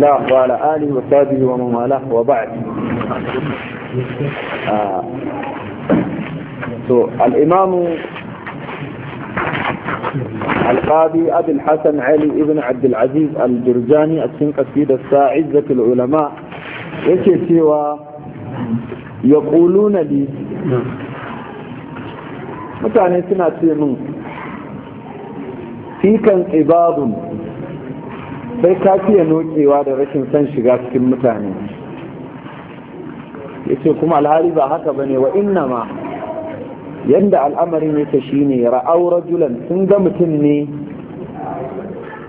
الله وعلى آله وصحبه ومن والاه وبعد آه. so, الإمام القاضي أبي الحسن علي ابن عبد العزيز الجرجاني أتسن قصيدة ساعزة العلماء يكي سوى يقولون لي متعني سنة من فيك انقباض sai ka fiye nokewa da rashin son shiga cikin mutane ya ce kuma alhari ba haka ba ne wa inna ma yadda al'amarin yake ne ra'aura julan sun ga mutum ne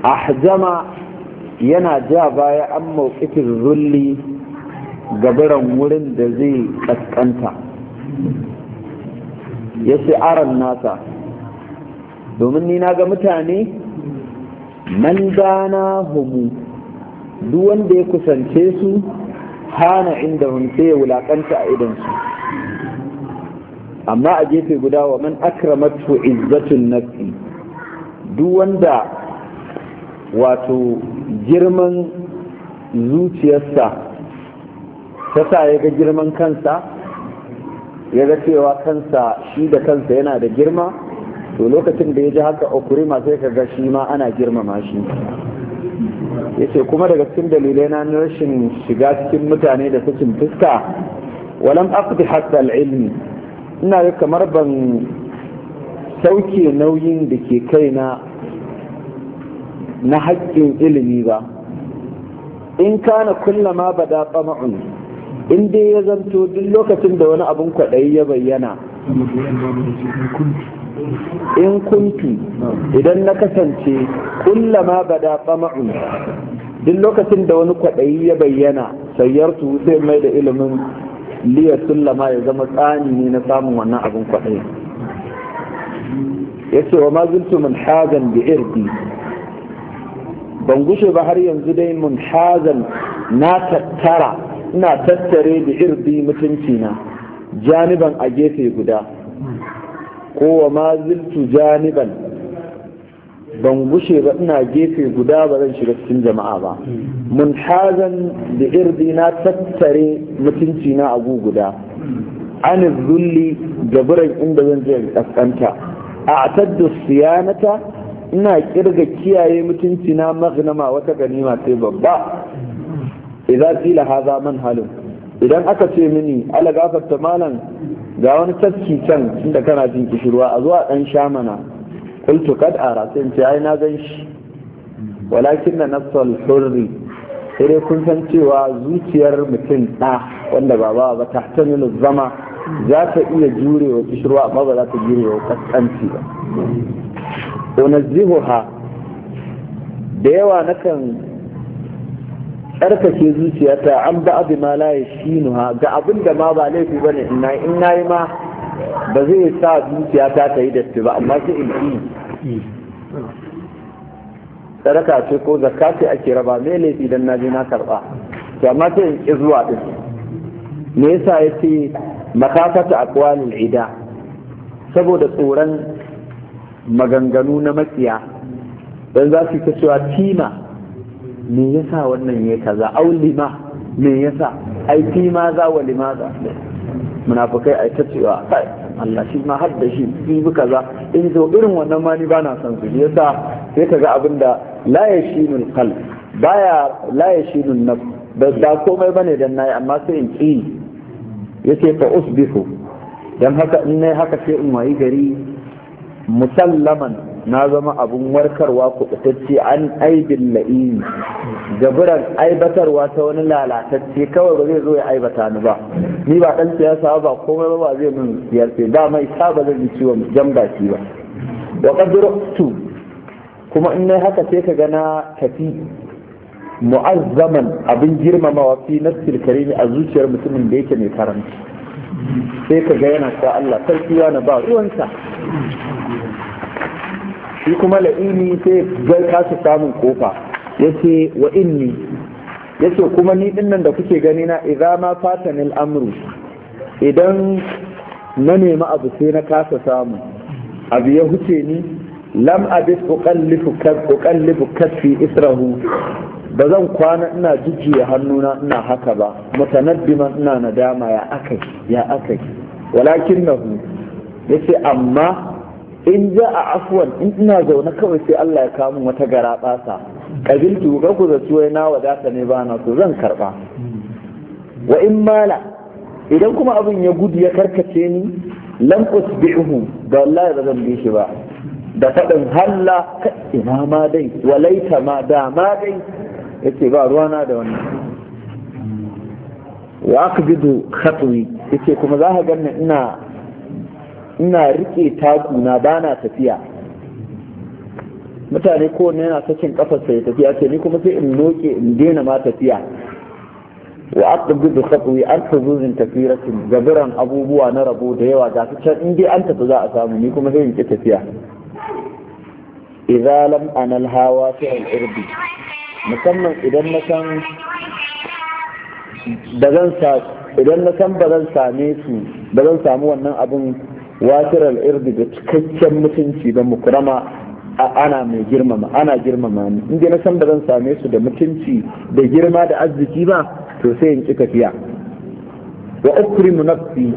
ahzama yana ja baya an mawqitin zulli gabaran wurin da zai kaskanta ya ce aran nasa domin ni na ga mutane man gana humu duk wanda ya kusance su hana inda sai ya wulakanta a idansu amma a gefe guda wa man akramatu izzatun nafsi duk wanda wato girman zuciyarsa ta sa ya ga girman kansa ya ga cewa kansa shi da kansa yana da girma to lokacin da ya ji haka okurima sai ka ga shi ma ana girmama shi ya ce kuma daga cikin dalilai na rashin shiga cikin mutane da sukin fuska walam aqdi hatta ilmi ina yi kamar ban sauke nauyin da ke kaina na haƙƙin ilimi ba in kana ba da tsama'un in dai ya zanto duk lokacin da wani abun kwaɗayi ya bayyana in kuntu idan na kasance kullama bada tsama'un duk lokacin da wani kwaɗayi ya bayyana sayyartu sai mai da ilimin liyar sullama ya zama tsani ne na samun wannan abin kwaɗayi ya ce wa mazultu mun hazan da irdi ban gushe ba har yanzu dai mun hazan na tattara ina tattare da irdi mutuncina janiban a gefe guda ko wa ma ziltu janiban ban gushe ba ina gefe guda ba zan shiga cikin jama'a ba mun hazan da irdi na tattare mutunci na abu guda an zulli gaburan inda zan je kaskanta a tadda siyanata ina kirga kiyaye mutunci na magnama wata ganima sai babba idan kila haza man halin idan aka ce mini ala gafarta malam ga wani tafki can inda kana jin kishirwa a zuwa ɗan sha mana qultu kad ara sai in ce ai na gan shi walakin na nafsal hurri sai dai kun san cewa zuciyar mutum ɗa wanda ba ba ba ta zama za ta iya jurewa kishirwa amma ba za ta jurewa kaskanci ba unazzihuha da yawa nakan tsarkake zuciyata an ba abu ma la ga abin da ma ba laifi bane in na in nayi ma ba zai sa zuciyata ta yi datti ba amma sai in yi tsaraka ce ko zakka ce ake raba me laifi dan naje na karba to amma sai in ki zuwa din me yasa yace makafata aqwalul ida saboda tsoron maganganu na matsiya dan za su ta cewa tima me yasa wannan ya kaza au lima me yasa ai fi ma za wa limaza munafikai ai ta cewa kai Allah shi ma har da shi fi bi kaza in eh, zo irin wannan ma ni bana san su yasa sai kaga abinda la yashinul qalb baya la yashinul naf ba da komai bane dan nayi amma sai in ki yace fa usbihu dan haka in nayi haka sai in wayi gari musallaman na zama abun warkarwa kuɓutacce an aibin la'ini gaburan aibatarwa ta wani lalatacce kawai ba zai zo ya aibata ni ba ni ba ɗan siyasa ba komai ba ba zai min siyasa. Da mai sa ba zai ciwon jan baki ba wa tu kuma in nai haka sai ka gana tafi mu'azzaman abin girmamawa fi nafsil karimi a zuciyar mutumin da yake mai karanta. sai ka ga yana sa Allah sarki na ba ruwansa shi kuma la'ini sai zai kasa samun kofa yace wa inni ce kuma ni dinnan da kuke gani na idan ma nil amru idan na nemi abu sai na kasa samu abu ya huce ni lam abis uqallifu kafi israhu ba zan kwana ina jijjiye hannuna ina haka ba ma ina nadama ya akai ya akai walakin nahu yace amma in ja a afuwan in ina zaune kawai sai Allah ya kamun wata gara ɓasa ƙabiltu ga ku zaci na wadata ne ba na so zan karɓa wa in mala idan kuma abin ya gudu ya karkace ni lam usbihu da wallahi ba zan bi shi ba da faɗin halla ina ma dai walaita ma da ma dai yace ba ruwana da wannan wa aqbidu khatwi yace kuma za ka ganna ina ina rike takuna ba na tafiya mutane kowanne yana sakin kafarsa ya tafiya ce ni kuma sai in noke in daina ma tafiya wa aqdu bi khatwi arfuzu min tafiratin gabran abubuwa na rabo da yawa ga su can in dai an tafi za a samu ni kuma sai in ki tafiya idza lam anal hawa fi al irbi musamman idan na san da zan sa idan na san ba zan same su ba zan samu wannan abin Wasirar irdi da cikakken mutunci da mukurama ana mai girmama ana girmama ni Inda na san da zan same su da mutunci da girma da arziki ba to sai in ci tafiya wa ukrimu nafsi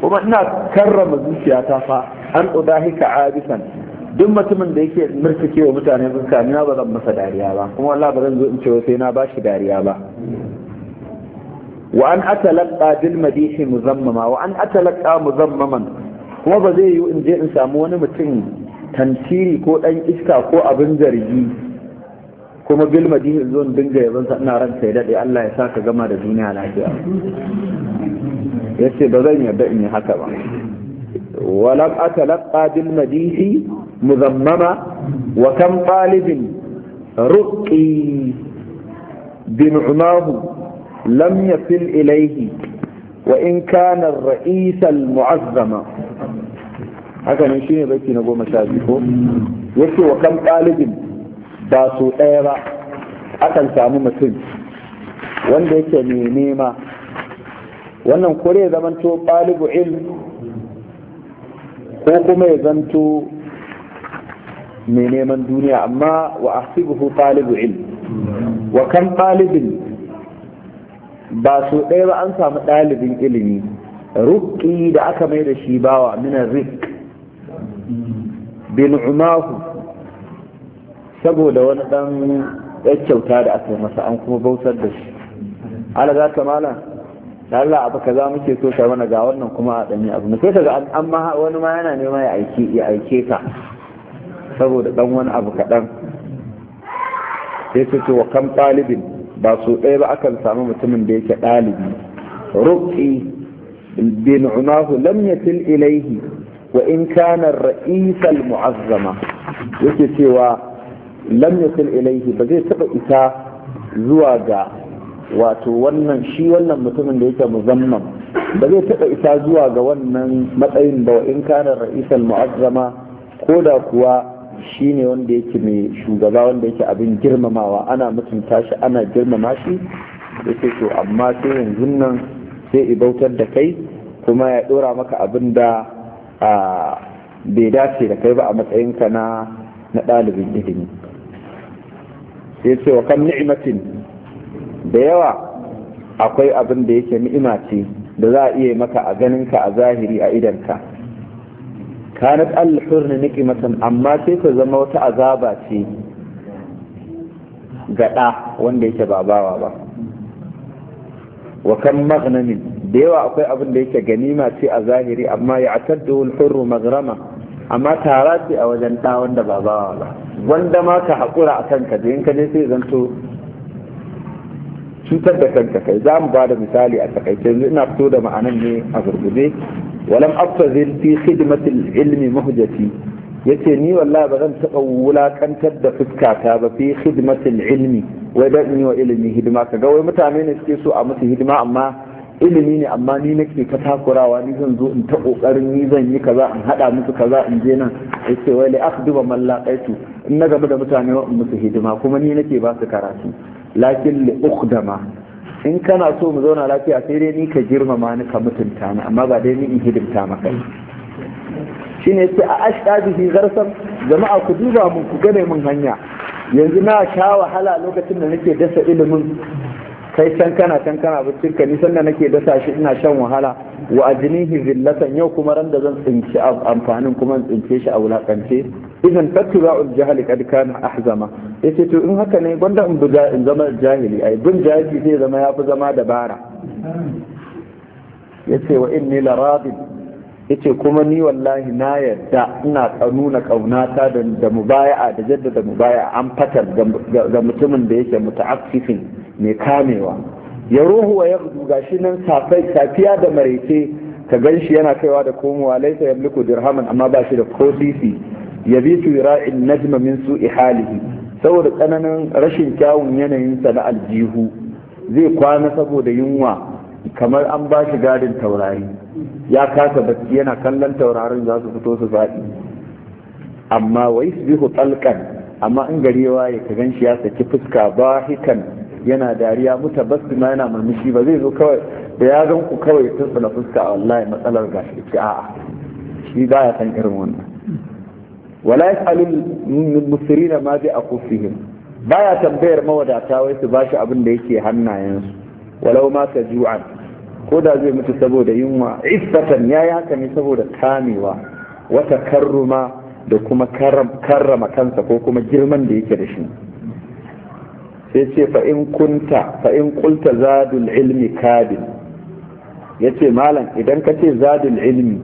kuma ina karrama zuciyata fa an udahika abisan duk mutumin da yake murtuke wa mutane fuska ni ba zan masa dariya ba kuma Allah ba zan zo in ce sai na ba shi dariya ba wa an atalaqa bil madihi muzammama wa an atalaqa muzammaman kuma ba zai yiwu in je in samu wani mutum tantiri ko ɗan iska ko abin zargi kuma bil madini zo in dinga yabon sa ina ranka ya daɗe Allah ya sa ka gama da duniya lafiya yace ba zan yarda in yi haka ba ولم أتلقى بالمديح wa وكم طالب رقي بنعماه lam يصل ilayhi وإن كان الرئيس المعظم haka ne shine baki na goma sha biyu ko yake wa kan ɗalibin ba su ɗaya ba akan samu mutum wanda yake mai nema wannan kore ya zamanto ɗalibu il, ko kuma ya zanto mai neman duniya amma wa ahsibuhu ɗalibu wa kan ɗalibin ba su ɗaya ba an samu ɗalibin ilimi ruƙi da aka mai da shi bawa mina rik bin umahu saboda wani ɗan kyauta da aka masa an kuma bautar da shi ala za ka mala Allah abu kaza muke so ka mana ga wannan kuma a ɗani abu sai kaga an ma wani ma yana nema ya aike ya aike ka saboda ɗan wani abu kaɗan sai su ce wa kan ɗalibin ba su ɗaya ba akan samu mutumin da yake ɗalibi ruqi bin umahu lam yatil ilaihi wa in kana raisal mu'azzama yake cewa lam yatil ilaihi ba zai taɓa isa zuwa ga wato wannan shi wannan mutumin da yake muzamman ba zai taɓa isa zuwa ga wannan matsayin ba wa in kana ra'isal mu'azzama ko da kuwa shi ne wanda yake mai shugaba wanda yake abin girmamawa ana mutunta shi ana girmama shi yake to amma sai yanzu nan sai i bautar da kai kuma ya dora maka abin da bai dace da kai ba a matsayinka na na ɗalibin ilimi sai ce wa kan ni'imatin da yawa akwai abin da yake ni'ima ce da za a iya maka a ganinka a zahiri a idanka kanat al-hurn masan amma sai ta zama wata azaba ce gaɗa wanda yake ba bawa ba wa kan magnamin da yawa akwai abin da yake ganima ce a zahiri amma ya ataddu al-hurru amma tara ce a wajen ɗa wanda ba bawa ba wanda ma ka haƙura a kanka da in ka je sai zanto cutar da kanka kai za mu ba da misali a takaice yanzu ina fito da ma'anan ne a gurguje walam abtazil fi khidmatil ilmi muhjati yace ni wallahi ba zan taɓa wulakantar da fuskata ba fi khidmatil ilmi wai da ni wa ilimi hidima ka ga? wai mutane ne suke so a musu hidima amma ilimi ne amma ni nake ta takurawa ni zan zo in ta kokarin ni zan yi kaza in hada musu kaza in je nan yace wai li akhduba man in na gaba da mutane wa musu hidima kuma ni nake ba su karatu lakin li ukhdama in kana so mu zauna lafiya sai dai ni ka girmama ni ka mutunta ni amma ba dai ni in hidimta maka shine sai a ashka bihi garsan jama'a ku duba mun ku gane mun hanya yanzu na sha wahala lokacin da nake dasa ilimin kai can kana can kana abincin ka nisan nake dasa shi ina shan wahala wa ajnihi zillatan yau kuma ran da zan tsinci amfanin kuma tsince shi a wulakance idan tattuba'ul jahli kad kana ahzama yace to in haka ne gwanda in buga in zama jahili ai bin jahili sai zama yafi zama dabara yace wa inni la radib yace kuma ni wallahi na yarda ina nuna kaunata da mubaya'a da jaddada mubaya'a an fatar ga mutumin da yake muta'affifin mai kamewa ya ruhu wa yaghdu gashi nan safiya da maraice ka gan shi yana kaiwa da komowa laisa bliku dirhaman amma ba shi da ko sisi yabitu yura'in najma min su halihi saboda tsananin rashin kyawun yanayin sa na aljihu zai kwana saboda yunwa kamar an ba shi gadin taurari ya kasa bacci yana kallon taurarin za su fito su faɗi amma wai su bihu tsalkan amma in gari ya waye ka gan shi ya saki fuska bahikan yana dariya mutabassima yana murmushi ba zai zo kawai da ya gan ku kawai tunsuna fuska a wallahi matsalar gashi ce a'a shi ba ya san irin wannan wala yasalul na ma bi ba baya tambayar mawadata wai su bashi abin da yake hannayensu walau ma ka ju'an ko da zai mutu saboda yunwa iffatan yayi haka ne saboda kamewa wata karruma da kuma karrama kansa ko kuma girman da yake da shi sai ce fa'in kunta fa'in kulta zadul ilmi kadin ya ce malam idan ka ce zadul ilmi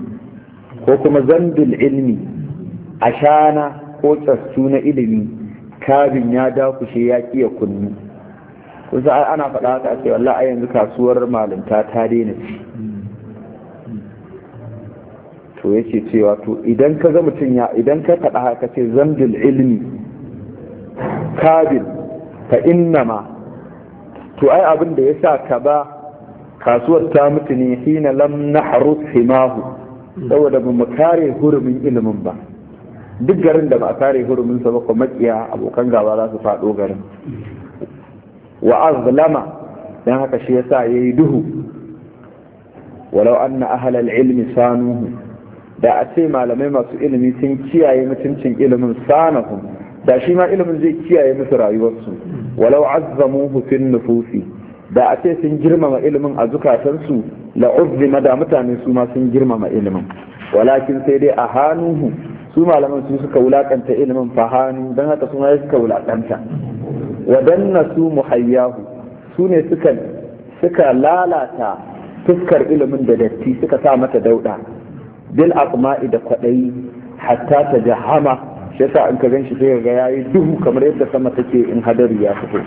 ko kuma zandul ilmi ashana ko tsastu na ilimi kabin ya dakushe ya ƙiya kunni kusa ana faɗa haka ce wallah a yanzu kasuwar malinta ta daina ci to yace cewa to idan ka ga mutum ya idan ka faɗa haka ce zandul ilmi kabin Ka innama to ai abin da ya sa ka ba kasuwar ta mutu ne hina lam harus himahu saboda ba mu kare hurumin ilimin ba duk garin da ba a kare hurumin sa ba ko makiya abokan gaba za su faɗo garin wa azlama dan haka shi yasa yayi duhu walau anna ahlal ilmi sanuhu da a ce malamai masu ilimi sun kiyaye mutuncin ilimin sanahu da shi ma ilimin zai kiyaye musu rayuwarsu walau azzamuhu fi nufusi da a ce sun girmama ilimin a zukatansu la uzzima da mutane su ma sun girmama ilimin walakin sai dai a hanuhu su malaman su suka wulakanta ilimin fahanu dan haka su ma suka wulakanta wadanna su muhayyahu su ne suka suka lalata fuskar ilimin da datti suka sa mata dauda bil aqma'i da kwaɗayi, hatta ta jahama yasa in ka gan shi sai ga yayi duhu kamar yadda sama take in hadari ya fito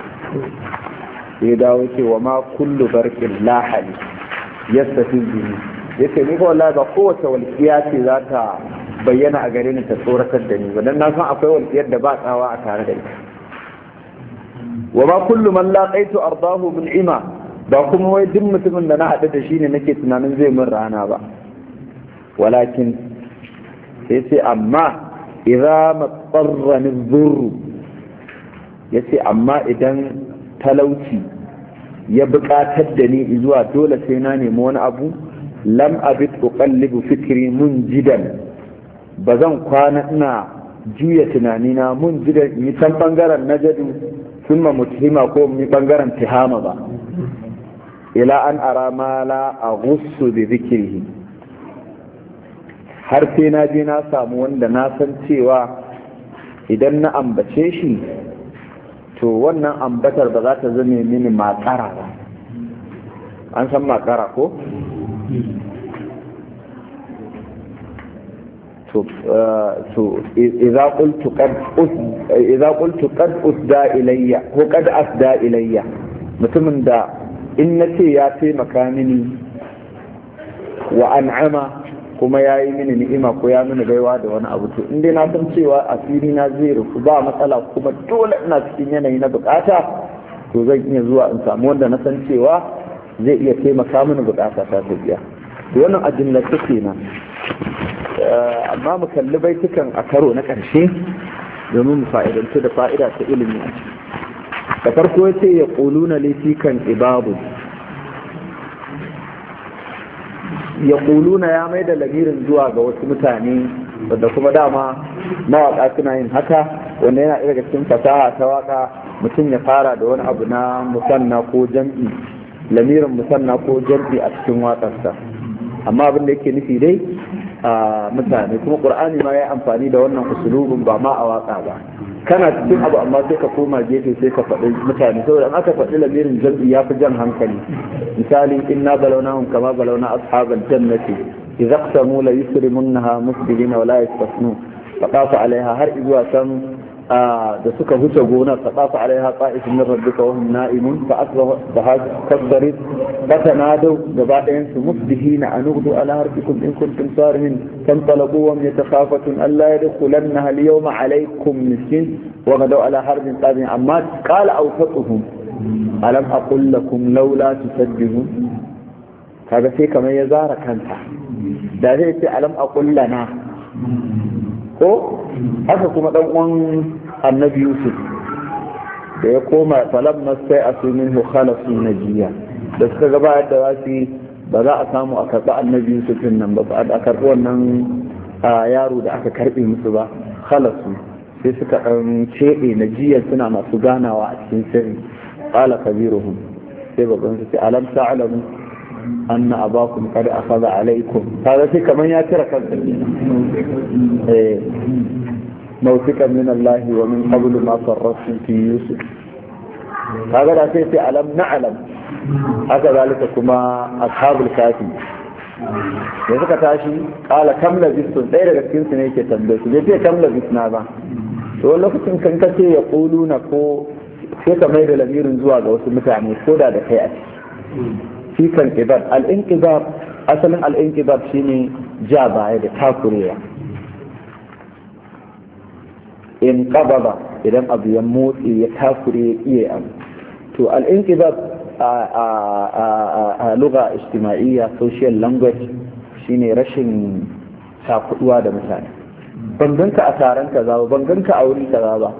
sai dawo ce wa ma kullu barkin lahali yastafi bihi yace ni ko wallahi ba kowace walƙiya ce za ta bayyana a gare ni ta tsoratar da ni ba dan na san akwai walƙiyar da ba tsawa a tare da ita wa ma kullu man laqaitu ardahu bil ima ba kuma wai duk mutumin da na haɗu da shi ne nake tunanin zai min rana ba walakin sai sai amma idza matsarrani dhurru yace amma idan talauci ya buƙatar da ni zuwa dole sai na nemi wani abu lam abid uqallibu fikri munjidan ba zan kwana ina juya tunanina jidan ni san bangaren najadu sunma mutima ko mi bangaren tihama ba ila an ara ma la aghussu bi dhikrihi har sai na je na samu wanda na san cewa idan na ambace shi to wannan ambatar ba za ta zame mini makara ba an san makara ko? إذا قلت قد إذا ko قد أسدى إلي هو قد أسدى إلي متمن دا إن يا في مكانني وأنعم kuma ya yi mini ni'ima ko ya mini gaiwa da wani abu to in dai na san cewa asiri na zai rufu ba matsala kuma dole ina cikin yanayi na bukata to zan iya zuwa in samu wanda na san cewa zai iya taimaka mini bukata ta ta biya to wannan ajinna ta kenan eh, amma mu kalli baitukan a karo na karshe domin mu fa'idantu da fa'ida ta ilimi Ka da farko ya ce ya ƙuluna laifi kan ibabu ya kuluna ya mai da lamirin zuwa ga wasu mutane wadda kuma dama mawaƙa suna yin haka wanda yana daga cikin fasaha ta waƙa, mutum ya fara da wani abu na musanna ko jam'i lamirin musanna ko jam'i a cikin waƙarsa amma abin da yake nufi dai mutane kuma qur'ani ma ya amfani da wannan usulubin ba ma a waka ba kana cikin abu amma sai ka koma gefe sai ka faɗi mutane saboda an aka faɗi lamirin jam'i ya fi jan hankali misali inna balawnahum kama balawna ashabal jannati idza qasamu la yusrimunha musbilina wa la yastasnu faqafa alaiha har izuwa san da suka huce gonar fa tsafa alaiha qa'if min rabbika wa hum na'imun fa asbahu kadbarit fatanadu gaba ɗayan su na anughdu ala harfikum in kuntum sarihin fantalaqu wa allah ya yatakhafatun alla na al-yawma alaikum miskin wa gadaw ala harbin qadin amma qala awsatuhum alam aqul kun laula tusabbihun kaga sai kamar ya zara kanta da zai ce alam aqul lana ko haka kuma dan uwan annabi yusuf da ya koma falam masai asumin na najiya da suka yadda da wasu ba za a samu a karɓi annabi yusuf nan ba Ba a karɓi wannan yaro da aka karɓe musu ba khalasu sai suka ɗan ceɗe na jiya suna masu ganawa a cikin sirri ƙala kabiruhum sai babban su sai alam sa'alamu. anna abakum qad akhadha alaykum kaga sai kaman ya tira kansa eh mawsikan min Allah wa min qablu ma farrasu fi yusuf kaga da sai sai alam na'lam haka zalika kuma ashabul kafi da suka tashi kala kam labistun ɗaya daga cikin su ne yake tambaye su bai ce kam na ba to wani lokacin kan kace ya kulu na ko sai ka mai da lamirin zuwa ga wasu mutane ko da da kai a ciki fi ibad kibar al'inkibar asalin al'inkibar shine ja baya da takurewa in kababa idan abu ya motsi ya takure iya abu to al'inkibar a luga istima'iyya social language shine rashin takuduwa da mutane ban a taron kaza ba ban a wuri kaza ba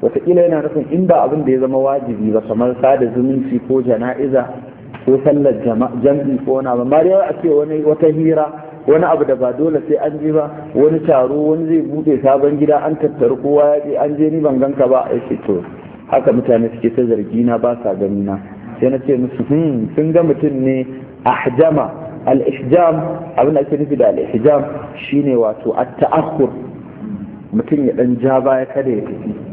wataƙila yana nufin in ba abin da ya zama wajibi ba kamar sada zumunci ko jana'iza ko sallar jam'i ko wani abu amma dai a ce wani wata hira wani abu da ba dole sai an je ba wani taro wani zai bude sabon gida an tattaru kowa ya ce an je ni ban ganka ba a ce to haka mutane suke ta zargi na ba sa gani na sai na ce musu hmm, sun ga mutum ne ahjama al-ihjam abin da ake nufi da al-ihjam shine wato at-ta'akhur mutum ya dan ja baya kada ya tafi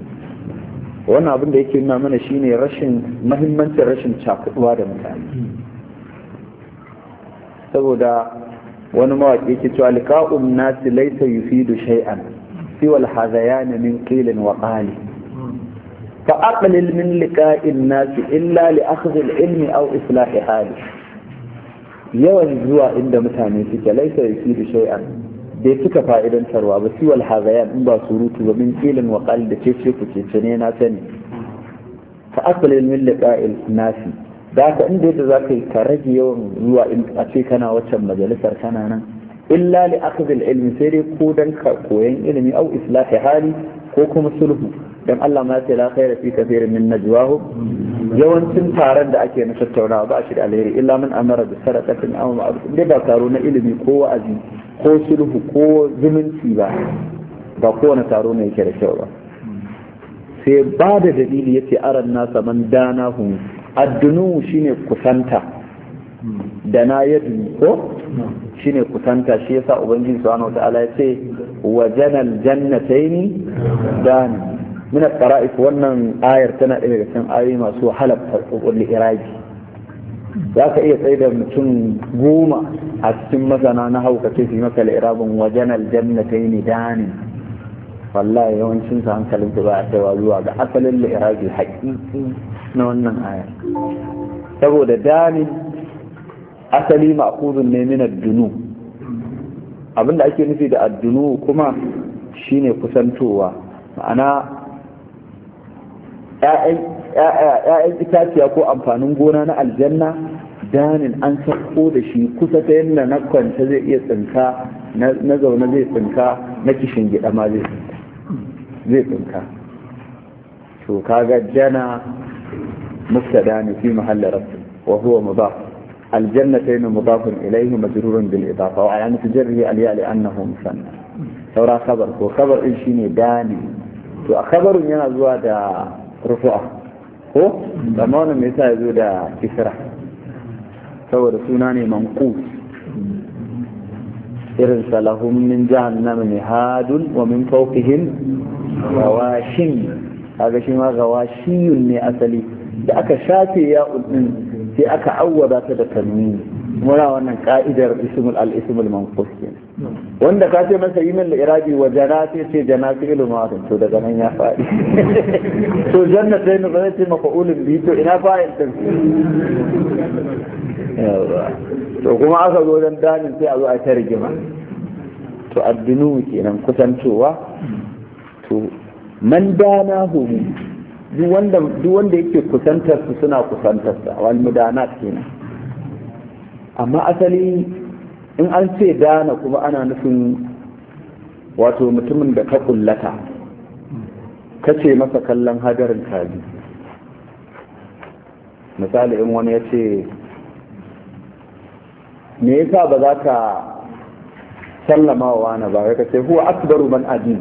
wannan abin da yake nuna mana shine rashin mahimmancin rashin cakuduwa da mutane saboda wani mawaƙi yake cewa liqa'un nasi laysa yufidu shay'an siwa al-hazayan min qilin wa qali fa aqlil min liqa'in nasi illa li akhdhi al-ilmi aw islahi hali yawan zuwa inda mutane suke laysa yufidu shay'an bai cika fa'idantarwa ba siwal hazayan in ba surutu ba min filin wa da ke ce ku ce ne na sani ta asalin min liqa'il nasi da ka inda yadda za yi ka rage yawan zuwa in a ce kana waccan majalisar kana nan illa li akhdhil ilmi sai dai ko dan ka koyan ilimi au islahi hali ko kuma sulhu dan Allah ma ya ce la khayra fi kathirin min najwahum yawancin taron da ake na tattaunawa ba shi da alheri illa min amara da sarakatin aw ma'ruf dai ba taro na ilimi ko wa'azi ko sulhu ko zumunci ba ba kowane taro ne yake da kyau ba sai ba da dalili yace aran nasa man dana hum addunu shine kusanta da na yadu ko shine kusanta shi yasa ubangiji subhanahu wataala yace wa janal dana min al wannan ayar tana ɗaya daga cikin masu wahalar tsakul iraji za ka iya tsaye da mutum goma a cikin masana na hauka ce su maka irabin wajen aljannatai ne danin wallahi yawancin su hankalin ba a kaiwa zuwa ga asalin lirabi haƙiƙi na wannan aya saboda danin asali ma'kuzun ne min addunu abinda ake nufi da addunu kuma shine kusantowa ma'ana ‘ya'yan itaciya ko amfanin gona na aljanna danin an sako da shi kusa ta yadda na kwanta zai iya tsinka na zaune zai tsinka na kishin gida ma zai tsinka to kaga jana musta ne fi mahalla rafi wa huwa mudaf aljannatayn mudafun ilaihi majrurun bil idafa wa alamatu jarri al ya li annahu musanna saura khabar ko khabar din shine dani to a kabarin yana zuwa da rufu'a ko amma wannan me yasa ya zo da kisra saboda suna ne manqus irin salahum min jahannam mihadun wa min fawqihim gawashin kaga shi ma gawashiyun ne asali da aka shafe ya din sai aka awwada ta da tanwini muna wannan ka'idar ismul al-ismul manqus kenan wanda ka ce masa yi min irabi wa jana sai ce jana fi ilu to daga nan ya faɗi to janna sai mu zai ce mafa'ulin biyu to ina fa'il din to kuma aka zo don damin sai a zo a ta rigima to addinu kenan kusantowa to man dana homi duk wanda yake kusantar su suna kusantar sa wal mudanat kenan amma asali in an ce dana kuma ana nufin wato mutumin da ka kullata kace masa kallon hadarin kaji misali in wani ya ce me yasa ba za ka sallama wa wani ba ka ce huwa akbaru man adi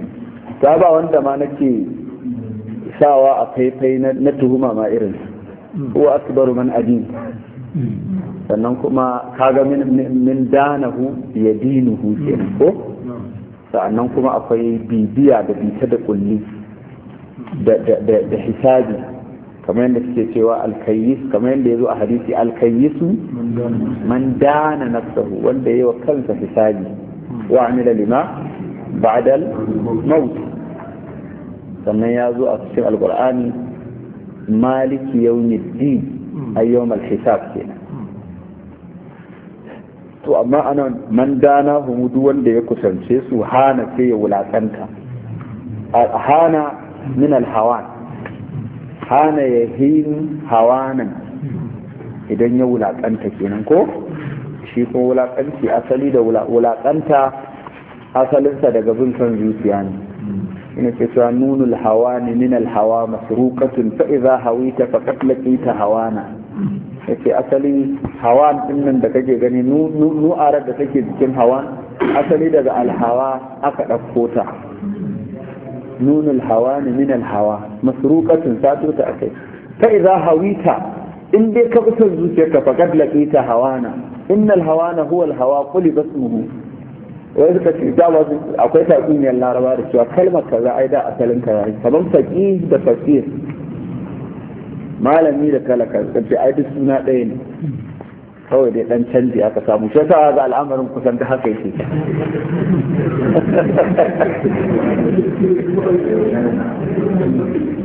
ta ba wanda ma nake sawa a faifai na tuhuma ma irin huwa akbaru man adi sannan kuma kaga min danahu ya dinuhu kenan ko sannan kuma akwai bibiya da bita da kulli da hisabi kamar yadda suke cewa alkayis kamar yadda ya zo a hadisi alkayisu man dana nafsahu wanda ya yi wa kansa hisabi wa amila lima ba'dal maut sannan ya zo a cikin alqur'ani maliki yawmiddin ay yawmal hisab kenan to amma ana man dana humudu wanda ya kusance su hana sai ya wulakanta hana min alhawan hana ya hin hawanan idan ya wulakanta kenan ko shi kuma wulakanci asali da wulakanta asalinsa daga bin son zuciya ne ina ce cewa nunul hawa ne min alhawa masruqatun fa idza hawita faqad ta hawana yake asali hawan dinnan da kake gani nu'arar da take jikin hawan asali daga alhawa aka ɗauko ta nunul hawa ne min alhawa masruqatun sato ta akai fa idza hawita in dai ka fitar zuciyarka ka faqad laqita hawana innal hawana huwa alhawa quli basmuhu wai suka ce dama akwai tatsuniyar laraba da cewa kalmar kaza ai da asalin kaza kaman faqih da fasih malami da talaka suka ce ai duk suna ɗaya ne kawai dai dan canji aka samu shi yasa ga al'amarin kusan da haka yake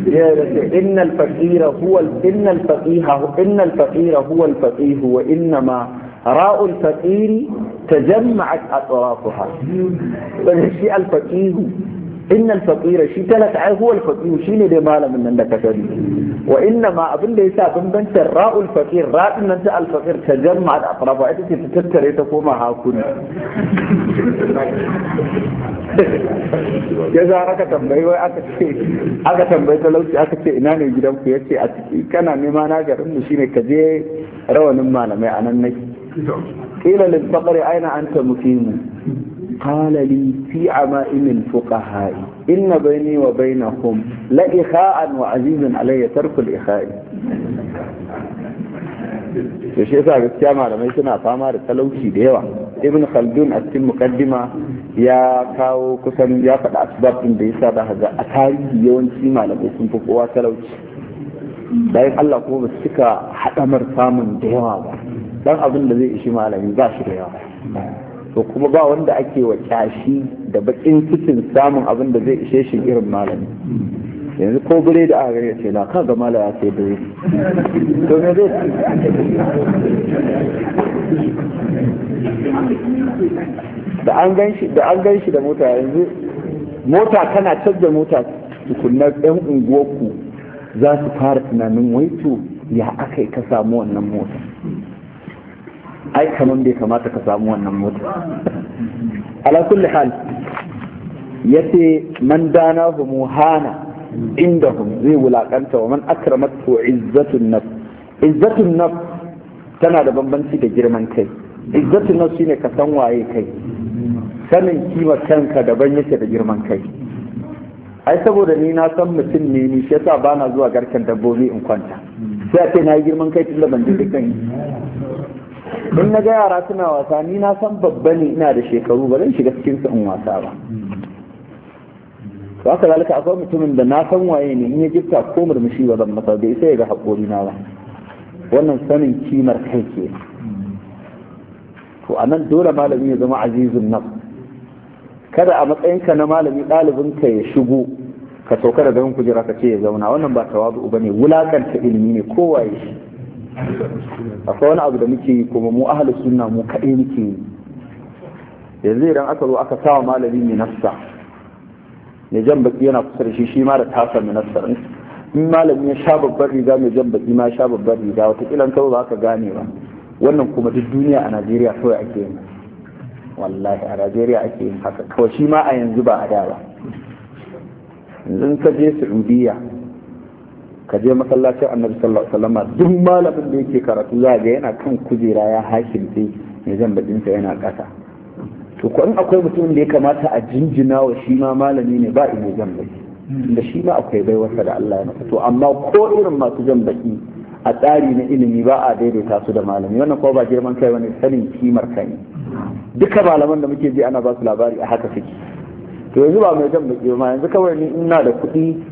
ya da ce innal faqira huwa innal faqiha innal faqira huwa al faqih wa innama ra'u al faqiri tajamma'at atrafuha dan shi al faqih إن الفقير شي تلت عيه هو الفقير شيء اللي مالا من عندك تريد وإنما أبن ليسا بن بن تراء الفقير راء أن أنت الفقير تجمع الأقرب وعدك تتتري تقوم هاكونا جزا رك تنبهي وأكتشي أكا تنبهي تلو شيء أكتشي إناني جدو في أكتشي أكتشي كان نما ناجر مشيني كجي روى نمانا ما أنا نجي قيل للفقر أين أنت مكيم قال لي في عمائم الفقهاء إن بيني وبينهم لإخاء وعزيز علي ترك الإخاء to yasa gaskiya malamai suna fama da talauci da yawa ibn khaldun a cikin mukaddima ya kawo kusan ya faɗa asbab din da yasa da a tarihi yawanci malamai sun fi kowa talauci bayan Allah kuma ba su cika haɗamar samun da yawa ba dan abin da zai ishi malami ba shi da yawa to kuma ba wanda ake wa kyashi da bakin cikin samun abin da zai ishe shi irin malami yanzu ko bire da aka gare ce na ka ga malaya ya da yi to me zai da an gan shi da an gan shi da mota yanzu mota kana canza mota tukunna yan unguwarku za su fara tunanin wai ya aka yi ka samu wannan mota ai kaman bai kamata ka samu wannan mota ala kulli hal yace man dana hu muhana indahum zai wulakanta wa man akramatu izzatun naf izzatun naf tana da bambanci da girman kai izzatun naf shine ka san waye kai sanin kima kanka daban yake da girman kai ai saboda ni na san mutum ne ni shi yasa bana zuwa garken dabbobi in kwanta sai a ce na yi girman kai tun da ban dukkan in na ga yara suna wasa ni na san babba ne ina da shekaru ba zan shiga cikin in wasa ba ba ka zalika akwai mutumin da na san waye ne in ya gifta ko murmushi ba zan masa bai sai ga haƙori na ba wannan sanin kimar kai ke to anan dole malami ya zama azizun nan. kada a matsayinka na malami ka ya shigo ka sauka da zaman kujera ka ce ya zauna wannan ba tawadu bane wulakanta ilimi ne ya shi akwai wani abu da muke yi kuma mu ahalus suna mu kaɗai muke yi yanzu idan aka zo aka sawa malami minasta ne jan baki yana kusa da shi shi ma da tasa minasta in malami ya sha babbar riga mai jan baki ma sha babbar riga watakila kawai ba ka gane ba wannan kuma duk duniya a najeriya kawai ake yin wallahi a najeriya ake yin haka kawai shi ma a yanzu ba a da ba yanzu ka je saudiya ka je masallacin annabi sallallahu alaihi wasallam duk malamin da yake karatu za ga yana kan kujera ya hakimce ne zan yana ƙasa to ko in akwai mutumin da ya kamata a jinjina wa shi ma malami ne ba ina zan baki da shi ma akwai baiwarsa da Allah ya masa to amma ko irin masu zan baki a tsari na ilimi ba a daidaita su da malami wannan ko ba girman kai wani sanin kimar kai duka malaman da muke ji ana ba su labari a haka suke to yanzu ba mai jan baki ba yanzu kawai ni ina da kuɗi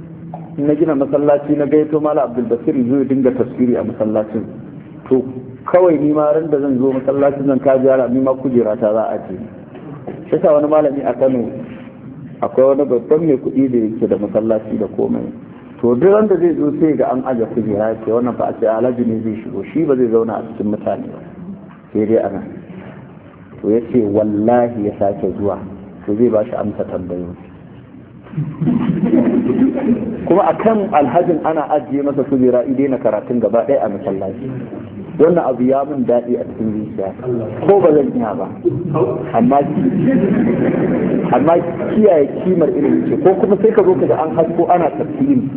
na gina masallaci na gaito mala abdul basir zo dinga tafsiri a masallacin to kawai ni ma ran da zan zo masallacin zan ka jara ni ma kujera ta za a ce yasa wani malami a Kano akwai wani babban mai kuɗi da yake da masallaci da komai to duk ran da zai zo sai ga an aje kujera ce wannan ba a ce alhaji ne zai shigo shi ba zai zauna a cikin mutane ba sai dai ana to ya ce wallahi ya sake zuwa to zai ba shi amsa tambayoyi kuma a kan alhajin ana ajiye masa kujera idai na karatun gaba ɗaya a masallaci wannan abu ya mun daɗi a cikin zuciya ko ba zan iya ba amma kiyaye kimar ilimi ce ko kuma sai ka zo ka an hasko ana tafiyin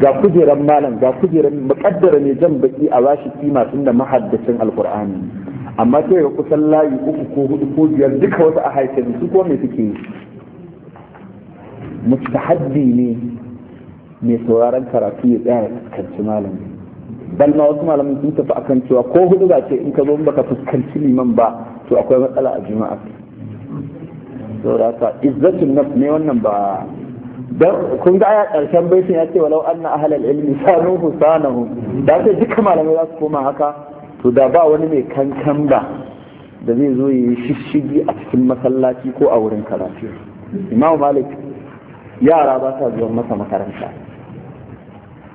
ga kujeran malam ga kujeran muƙaddara ne jan baki a bashi kima tun da mahaddacin alkur'ani amma sai ga kusan layi uku ko hudu ko biyar duka wasu a haifin su ko me suke yi mustahaddi ne mai sauraron karatu ya tsaya fuskanci malami bal ma wasu malamin sun tafi akan cewa ko hudu ba ce in ka zo baka fuskanci liman ba to akwai matsala a juma'a saboda haka izzatun nafs ne wannan ba dan kun ga aya karshen baitin ya ce walau anna ahlal ilmi sanu husanahum da sai duka malamai za su koma haka to da ba wani mai kankan ba da zai zo yi shishigi a cikin masallaci ko a wurin karatu imam malik yara ba sa zuwa masa makaranta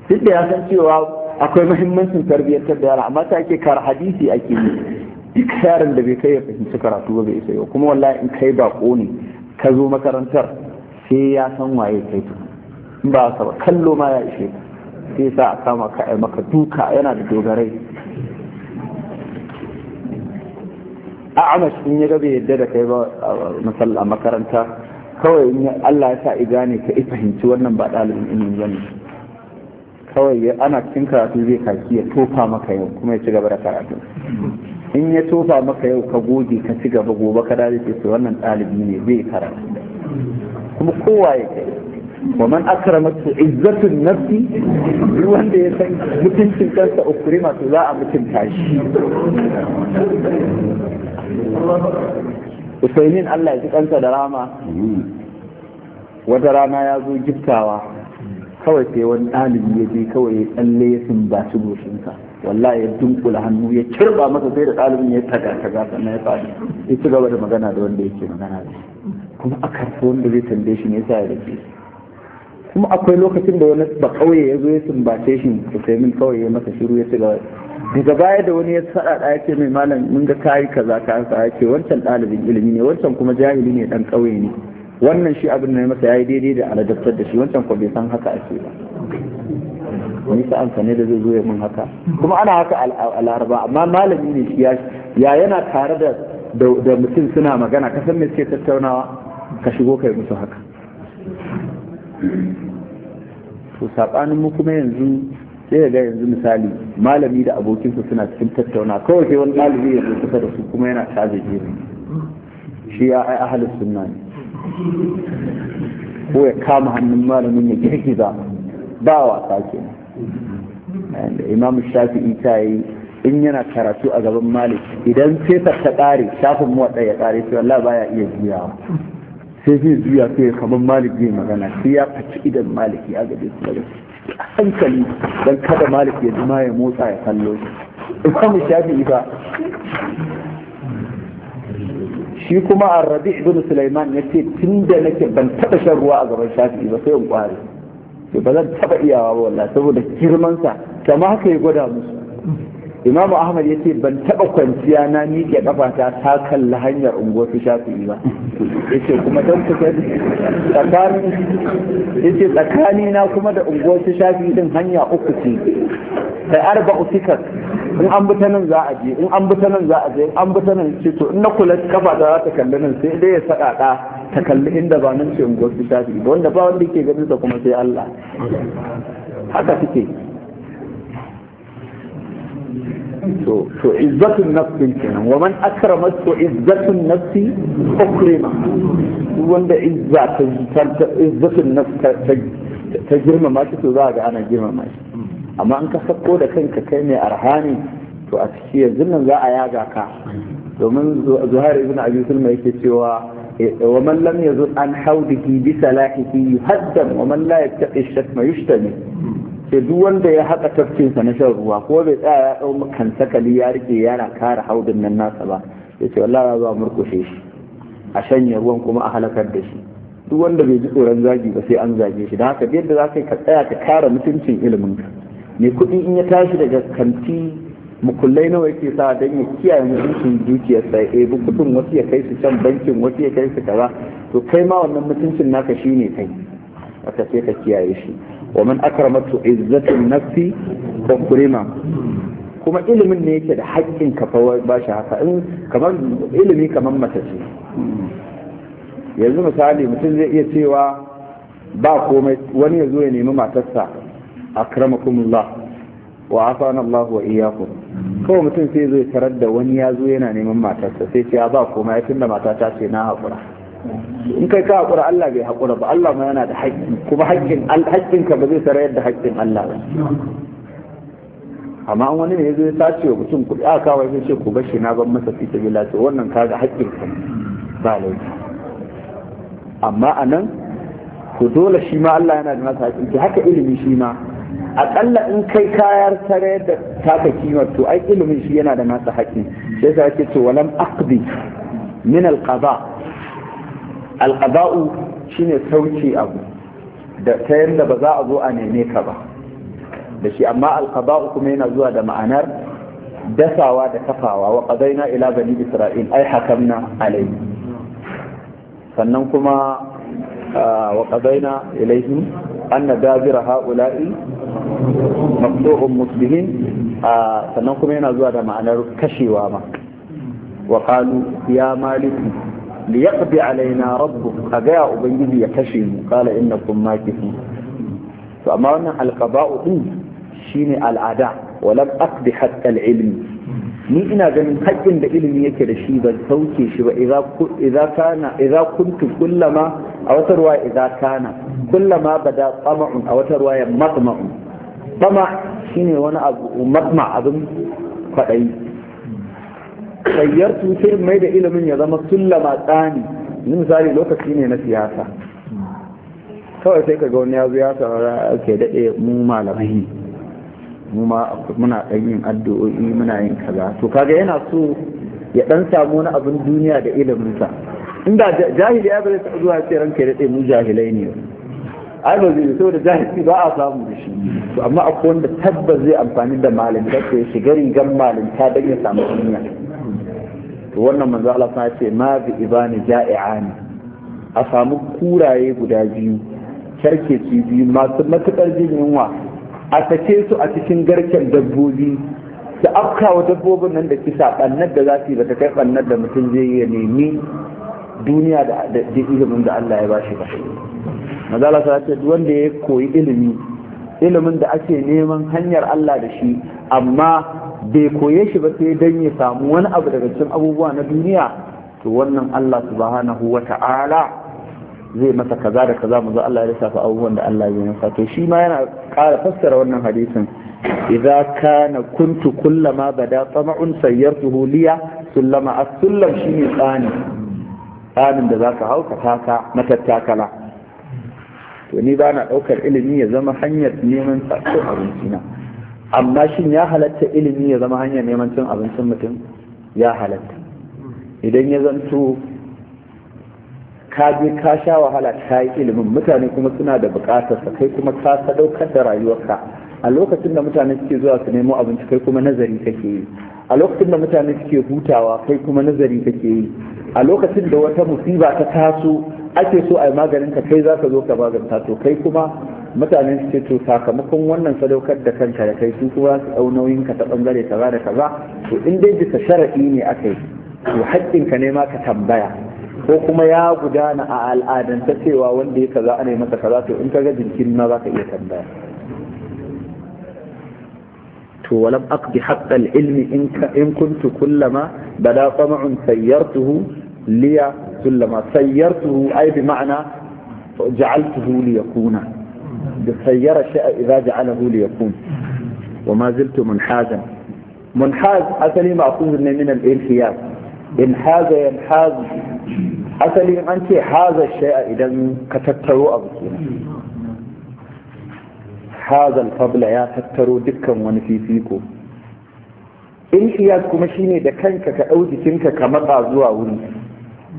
duk da ya san cewa akwai mahimmancin tarbiyyar da yara amma ta ake kar hadisi ake yi duk yaron da bai kai ya fahimci karatu ba bai isa yau kuma wallahi in kai ba ne ka zo makarantar sai ya san waye kai to in ba ba kallo ma ya ishe sai sa a kama ka ai maka duka yana da dogarai a amash in ya ga bai yadda da kai ba a makaranta kawai in Allah ya sa gane ka i fahimci wannan ba ɗalibin ilimi bane kawai ana cikin karatu zai kaki ya tofa maka yau kuma ya ci gaba da karatu in ya tofa maka yau ka goge ka ci gaba gobe ka dace ce wannan ɗalibi ne zai karatu kuma kowa ya kai wa man akramatu izzatun nafsi duk wanda ya san mutuncin kansa ukrima to za a mutunta shi usainin allah ya ji kansa da rama wata rana ya zo giftawa kawai sai wani ɗalibi ya je kawai ya tsalle ya su goshinsa wallahi ya dunkula hannu ya cirba masa sai da ɗalibin ya taga taga sannan ya faɗi ya ci gaba da magana da wanda yake magana da kuma a karfi wanda zai tambaye shi ne sa ya rage kuma akwai lokacin da wani ba kauye ya zo ya sumbace shi min kawai ya masa shiru ya shiga daga baya da wani ya sada da yake mai malam mun ga kayi kaza ka ansa yake wancan ɗalibin ilimi ne wancan kuma jahili ne dan kauye ne wannan shi abin da ya masa yayi daidai da aladabtar da shi wancan ko bai san haka ake ba wani sa'ansa amfani da zai zo ya mun haka kuma ana haka al'arba amma malami ne shi ya yana tare da mutum suna magana ka san me suke tattaunawa ka shigo kai musu haka to sabanin mu kuma yanzu sai ga yanzu misali malami da abokinsa suna cikin tattauna kawai sai wani ɗalibi ya zo kusa da su kuma yana caje jiri shi ya ai ahli sunna ne ko ya kama hannun malamin ya girgiza ba wasa kenan imam shafi'i ta yi in yana karatu a gaban malik idan fesar ta ƙare shafin muwaɗa ya ƙare to Allah baya iya juyawa sai zai zuya sai kamar malik zai magana sai ya faci idan malik ya gaje su daga hankali don kada malik ya zama ya motsa ya kallo imamu shafi'i ba shi kuma a rabi ibn sulaiman ya ce tun da nake ban taba shan ruwa a gaban shafi'i ba sai in kware ba zan taba iyawa ba wallahi saboda sa kamar haka ya gwada musu imam ahmad ya ce ban taba kwanciya na miƙe kafata ta kalli hanyar unguwar su shafi'i ba ya ce kuma don ku tsakanin ya ce tsakani na kuma da unguwar su shafi'i din hanya uku ce sai arba usikar in an bi ta nan za a je in an bi ta nan za a je in an bi ta nan ce to in na kula kafa ta za ta kalli nan sai dai ya saɗaɗa ta kalli inda ba nan ce unguwar su shafi'i wanda ba wanda yake ganin sa kuma sai Allah haka suke to to izzatun nafsin kenan wa man akrama to izzatun nafsi ukrima wanda izza ta izzatun nafsi ta girmama shi to za ga ana girmama shi amma an ka sako da kanka kai mai arhani to a ciki yanzu nan za a yaga ka domin zuhair ibn abi sulma yake cewa eh, wa man lam yazun an haudihi bi salahihi yuhaddam wa man la yattaqi ash-shatma yushtami sai duk wanda ya haka tafkinsa na shan ruwa ko bai tsaya ya ɗau makan sakali ya rike yana kare haudin nan nasa ba ya ce wallahi zo a murkushe shi a shanye ruwan kuma a halakar da shi duk wanda bai ji tsoron zagi ba sai an zage shi da haka yadda za ka yi ka tsaya ka kare mutuncin ilimin ka mai kuɗi in ya tashi daga kanti mukullai nawa yake sa don ya kiyaye mutuncin sa ya ɗebi kuɗin wasu ya kai su can bankin wasu ya kai su kaza to kai ma wannan mutuncin naka shine kai aka sai ka kiyaye shi ومن أكرمته عزة النفس فكرمه kuma ilimin ne yake da haƙƙin ka ba shi haka in kamar ilimi kamar mace ce yanzu misali mutum zai iya cewa ba komai wani ya zo ya nemi matarsa akramakumullah wa afana Allah wa iyyakum kawai mutum sai zo ya tarar da wani ya zo yana neman matarsa sai ce ba komai tunda matata ce na haƙura in kai ka haƙura Allah bai haƙura ba Allah ma yana da haƙƙi kuma haƙƙin ka ba zai sarayar da haƙƙin Allah ba amma an wani ne ya zo ya sace wa mutum kuɗi aka kawai zai ce ku bashi na ban masa fita sabila to wannan ka ga haƙƙin ka ba laifi amma a nan ku dole shi ma Allah yana da masa haƙƙin haka ilimi shi ma aƙalla in kai kayar tare da taka kimar to ai ilimin shi yana da nasa haƙƙin sai yasa ake to walam aqdi min al-qada' alqada'u shine sauke abu da ta yanda ba za a zo a neme ka ba da shi amma alkaba'u kuma yana zuwa da ma'anar dasawa da kafawa wa qadaina ila bani isra'il ai hakamna alai sannan kuma ah, wa qadaina ilaihim na dabira ha'ula'i maqtu'un musbihin ah, sannan kuma yana zuwa da ma'anar kashewa ma wa qalu ya maliki li yaqdi alaina rabbuk a gaya ubangiji ya kashe mu qala innakum makithun to amma wannan alqada'u din shine al'ada walam aqdi hatta al ni ina ganin haƙƙin da ilimi yake da shi ban sauke shi ba idza kana idza kuntu kullama a wata ruwa idza kana kullama bada tsama'un a wata ruwa ya matma'un tama shine wani abu matma abin kwaɗayi sayyartu sai mai da ilimin ya zama sullama tsani misali lokaci ne na siyasa kawai sai ka ga wani ya zo ya saurara ke daɗe mu malamai mu ma muna ɗan yin addu'o'i muna yin kaza to kaga yana so ya ɗan samu wani abin duniya da sa inda jahili ya bari zuwa ce ranka ya daɗe mu jahilai ne ai ba zai saboda jahili ba a samu da shi to amma akwai wanda tabbas zai amfani da ke ya shiga rigan malinta don ya samu duniya to wannan manzo Allah ta ce ma bi ibani ja'i'ani a samu kuraye guda biyu karke ci biyu masu matukar jin yunwa a sake su a cikin garken dabbobi da wa dabbobin nan da kisa bannar da za su yi ba ta kai bannar da mutum zai yi nemi duniya da ilimin da Allah ya bashi ba. Mazala ta ce wanda ya koyi ilimi ilimin da ake neman hanyar Allah da shi amma bai koye shi ba sai dan ya samu wani abu daga cikin abubuwa na duniya to wannan Allah subhanahu wa ta'ala zai masa kaza da kaza mu Allah ya lissafa abubuwan da Allah ya yi to shi ma yana ƙara fassara wannan hadisin idza kana kuntu kullama bada tama'un sayyartuhu liya sullama as-sullam shine tsani tsanin da zaka hauka taka matattakala to ni ba na ɗaukar ilimi ya zama hanyar neman cin abinci na amma shin ya halatta ilimi ya zama hanyar neman cin abincin mutum ya halatta idan ya zanto ka je ka sha wahala ta yi ilimin mutane kuma suna da bukatar sa kai kuma ka sadaukar da rayuwarka a lokacin da mutane suke zuwa su nemo abinci kai kuma nazari kake yi a lokacin da mutane suke hutawa kai kuma nazari kake yi a lokacin da wata musiba ta taso ake so a yi maganin ka kai za ka zo ka maganta to kai kuma mutanen su to sakamakon wannan sadaukar da kanka da kai su kuma su ɗau nauyin ka ta ɓangare kaza da kaza to in dai bisa shara'i ne aka yi to haƙƙin ka ne ma ka tambaya ko kuma ya gudana a ta cewa wanda ya kaza ana yi masa kaza to in ka ga jinkin ma za ka iya tambaya to walam aqdi haqqal ilmi in kuntu kullama bala qam'un sayyartuhu liya sullama sayyartuhu ay bi ma'ana ja'altuhu li yakuna da sayyara shay'a idza ja'alahu li yakun wa ma ziltu munhazan munhaz asali ma'qul ne min al-inhiyaz inhaza yanhaz asali an ce haza shay'a idan ka tattaro abu kenan haza al ya tattaro dukkan wani fifiko in kuma shine da kanka ka ɗau jikinka ka matsa zuwa wuri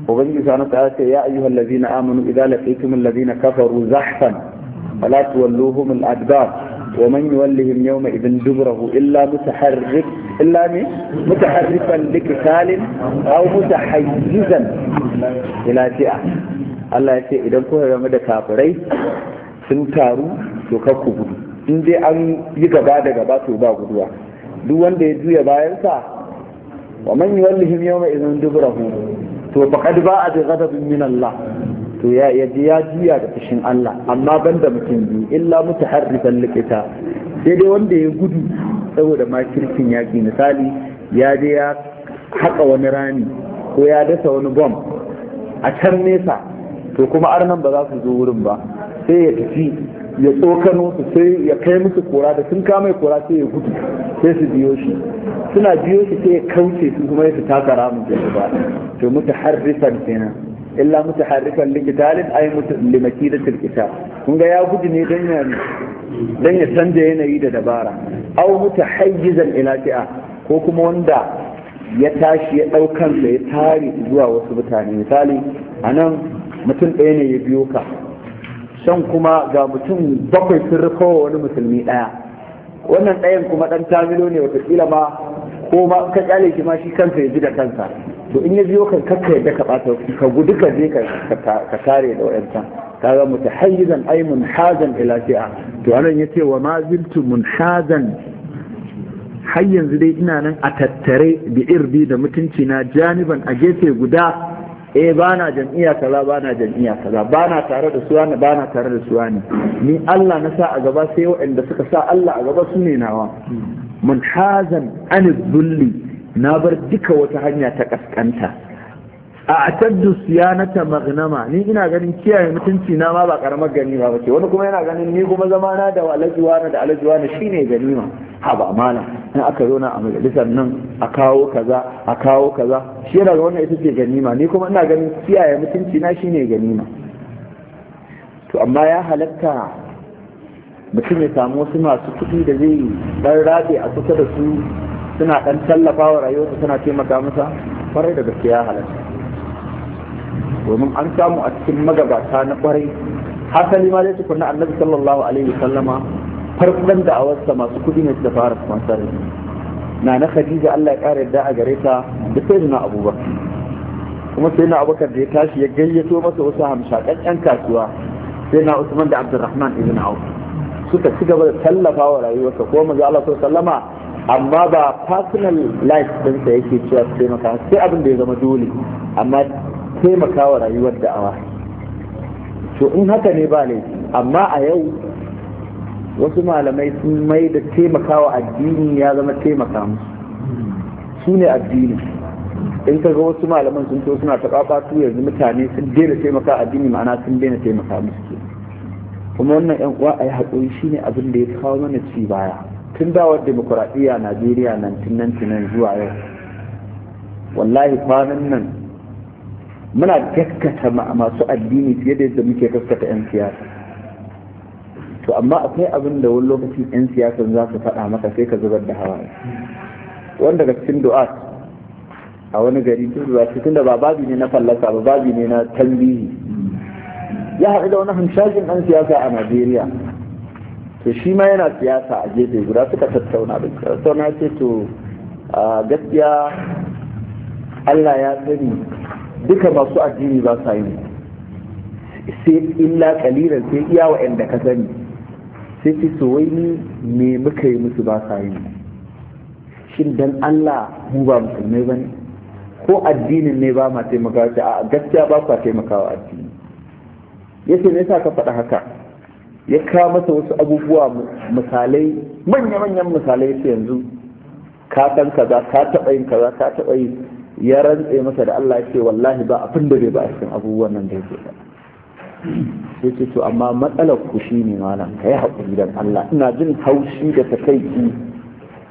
ubangiji subhanahu ta'ala ce ya ayyuhal ladina amanu idza laqitum alladhina kafaru zahfan fala tuwalluhum al-adbar wa man yuwallihim yawma idhin dubrahu illa mutaharrik illa mi mutaharrifan likitalin aw mutahayyizan ila fi'a Allah ya ce idan kuka game da kafirai sun taru to ka ku gudu in dai an yi gaba da gaba to ba guduwa duk wanda ya juya bayansa wa man yuwallihim yawma idhin dubrahu to faqad ba a ghadabin min Allah to ya yaji ya jiya da fushin Allah amma banda mutum biyu illa mutaharrifan likita, sai dai wanda ya gudu saboda kirkin yaki misali ya je ya haka wani rani, ko ya dasa wani bom a can nesa to kuma arnan ba za su zo wurin ba sai ya tafi ya tsokano su sai ya kai musu kora da sun kama kora sai ya gudu sai su biyo shi suna biyo shi sai ya kauce su kuma su taka ramin da ba to mutu harrifan kenan illa mutu harrifan likitalin ai mutu limaki da tilkita kun ga ya gudu ne dan ya dan ya canza yanayi da dabara au mutu hayyizan ila fi'a ko kuma wanda ya tashi ya daukan kansa ya tare zuwa wasu mutane misali a nan mutum ɗaya ne ya biyo ka can kuma ga mutum bakwai sun wa wani musulmi ɗaya wannan ɗayan kuma ɗan tamilo ne watakila ma ko ma ka ƙyale shi ma shi kansa ya ji da kansa to in ya biyo kan kakka yadda ka ɓata ka gudu ka je ka kare da waɗancan kaga mutahayyizan ay munhazan ila fi'a to anan ya ce wa ma ziltu munhazan har yanzu dai ina nan a tattare da irbi da mutunci na janiban a gefe guda eh bana jam'iyya kaza bana jam'iyya kaza bana tare da suwa ne bana tare da suwa ne ni Allah na sa a gaba sai waɗanda suka sa Allah a gaba su ne nawa hazan an zulli na bar duka wata hanya ta kaskanta a ataddu siyanata magnama ni ina ganin kiyaye mutunci na ma ba karamar ganima ba ce wani kuma yana ganin ni kuma zama na da alajuwa na da alajuwa na shine ganima ha ba mana in aka zo na a majalisar nan a kawo kaza a kawo kaza shi yana ga wannan ita ce ganima ni kuma ina ganin kiyaye mutunci na shine ganima to amma ya halatta mutum ya samu wasu masu kuɗi da zai dan rabe a kusa da su suna ɗan tallafa wa rayuwarsa suna taimaka masa kwarai da gaske ya halatta domin an samu a cikin magabata na kwarai hasali ma dai tukunna annabi sallallahu alaihi wasallama farkon da'awarsa masu kudi ne suka fara sponsor na na khadija Allah ya kare a gare ta da sayyidina abubakar kuma na abubakar da ya tashi ya gayyato masa wasu hamshakan ƴan kasuwa na usman da abdurrahman ibn auf suka ci gaba da tallafa wa rayuwarsa ko manzo Allah sallama amma ba personal life ɗinsa yake cewa su taimaka sai abin da ya zama dole amma taimakawa rayuwar da'awa to in haka ne ba ne amma a yau wasu malamai sun mai da taimakawa addini ya zama taimaka musu su ne addini in ka ga wasu malaman sun to suna ta kakatu yanzu mutane sun daina taimaka addini ma'ana sun daina taimaka musu ke. kuma wannan yan uwa a yi haƙuri shine abin da ya kawo mana ci baya tun dawar demokuraɗiyya najeriya nan tun nan zuwa yau wallahi kwanan nan muna gaskata masu addini fiye da yadda muke gaskata 'yan siyasa to amma akwai abin da wani lokacin 'yan siyasa za su faɗa maka sai ka zubar da hawa wanda daga cikin du'a a wani gari tun da cikin da ba babi ne na fallasa ba babi ne na tambihi ya haɗu da wani hanshajin ɗan siyasa a najeriya to shi ma yana siyasa a gefe guda suka tattauna da tattauna ce to gaskiya allah ya sani duka masu addini ba sa yi sai illa kalilan sai iya wa'anda ka sani sai ce su wai ni me muka yi musu ba sa yi shin dan Allah mu ba musulmai ba ne ko addinin ne ba ma taimakawa a gaskiya ba kwa taimakawa addini yace me yasa ka faɗa haka ya kawo masa wasu abubuwa misalai manya-manyan misalai su yanzu ka san kaza ka taɓa yin kaza ka taɓa yin ya rantse masa da Allah ce wallahi ba abin da bai ba a cikin abubuwan nan da yake sai ce to amma matsalar ku shi ne malam ka yi haƙuri don Allah ina jin haushi da ta ki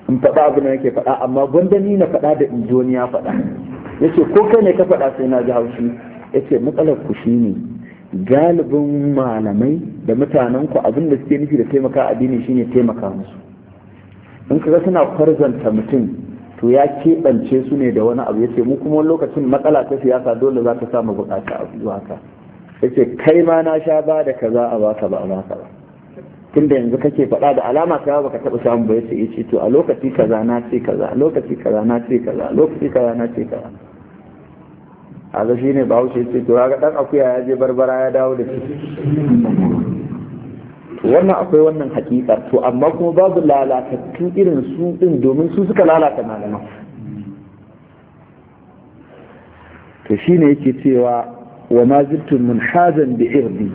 in faɗa abu da yake faɗa amma gwanda ni na faɗa da ya faɗa ya ce ko kai ne ka faɗa sai na ji haushi ya ce matsalar ku shi ne galibin malamai da mutanen ku abin da suke nufi da taimaka addini shine taimaka musu in kaga suna kwarzanta mutum to ya keɓance su ne da wani abu ya ce mu kuma wani lokacin matsala ta siyasa dole za ta samu buƙata a zuwa ka ce kai ma na sha ba da kaza a baka ba a baka ba tunda yanzu kake faɗa da alama ba baka taɓa samu ba ya ya ce to a lokaci kaza na ce kaza a lokaci kaza na ce kaza a lokaci kaza na ce kaza a ga hausa ya ce to ga ɗan akuya ya je barbara ya dawo da shi wannan akwai wannan hakikar to amma kuma babu lalatattu irin su din domin su suka lalata malaman to shine yake cewa wa ma zittu munhazan bi irdi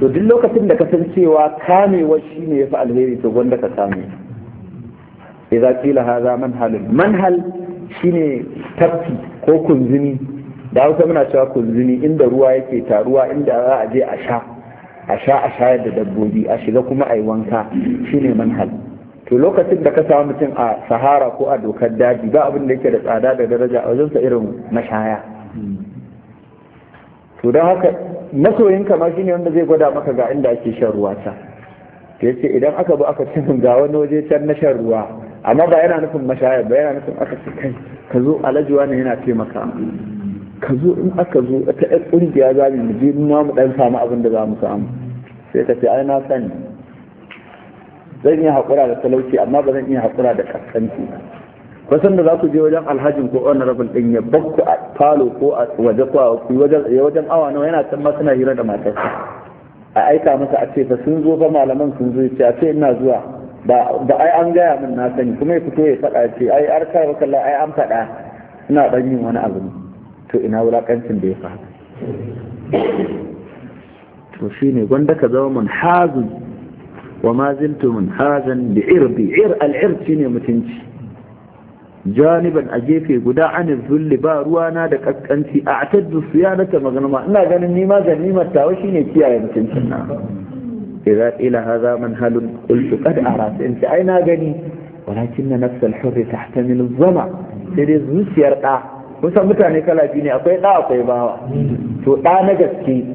to duk lokacin da ka san cewa kamewa shine yafi alheri to gwanda ka same idza qila hadha manhal manhal shine tafki ko kunzini da hausa muna cewa kunzini inda ruwa yake taruwa inda za a je a sha a sha a shayar da dabbobi a shiga kuma a yi wanka shine manhal to lokacin da ka samu mutum a sahara ko a dokar daji ba abin da yake da tsada da daraja a wajensa irin mashaya to don haka masoyin shi shine wanda zai gwada maka ga inda ake shan ruwa ta to yace idan aka bi aka cin ga wani waje can na shan ruwa amma ba yana nufin mashaya ba yana nufin aka ce kai ka zo alajuwa ne yana taimaka ka zo in aka zo ta ɗan ƙungiya za mu je ma mu ɗan samu abin da za mu samu sai ka ce ai na sani zan iya haƙura da talauci amma ba zan iya haƙura da ƙasƙanci ba san da za ku je wajen alhajin ko honorable ɗin ya bakku a falo ko a waje ko a wajen awa nawa yana can ma suna hira da matarsa a aika masa a ce fa sun zo fa malaman sun zo ce a ce ina zuwa ba ai an gaya min na sani kuma ya fito ya faɗa ce ai arka wakalla ai an faɗa ina ɗan yin wani abu ne to ina wulakancin da ya fa to shine gwanda ka zama munhazin wa ma mun munhazan bi irbi ir al ne mutunci janiban a gefe guda an zulli ba na da kaskanci a ataddu nata maganama ina ganin nima ganimar tawa shine kiyaye mutuncin na إذا إلى هذا منهل قلت قد أعرف أنت أين أغني ولكن نفس الحر تحتمل الظمع سيري زوسي ta. kusan mutane kala biyu ne akwai ɗa akwai bawa to ɗa na gaske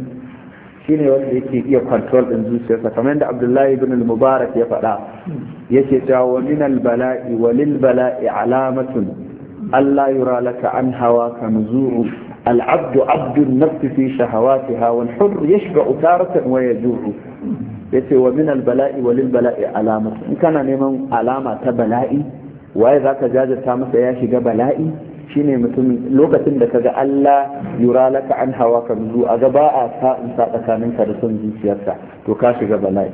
shi ne wanda yake iya control din zuciyarsa kamar yadda Abdullahi ibn al-Mubarak ya faɗa yake cewa wa min al-bala'i wa lil bala'i alamatun Allah yura laka an hawa ka nuzuru العبد عبد النفس في شهواتها والحر يشبع تارة ويجوع yace wa min albala'i wa lil bala'i alama in kana neman alama ta bala'i waye zaka jajirta masa ya shiga bala'i shine mutum lokacin da kaga Allah yura laka an hawa ka zu a gaba a in sa tsakaninka da son zuciyarka to ka shiga bala'i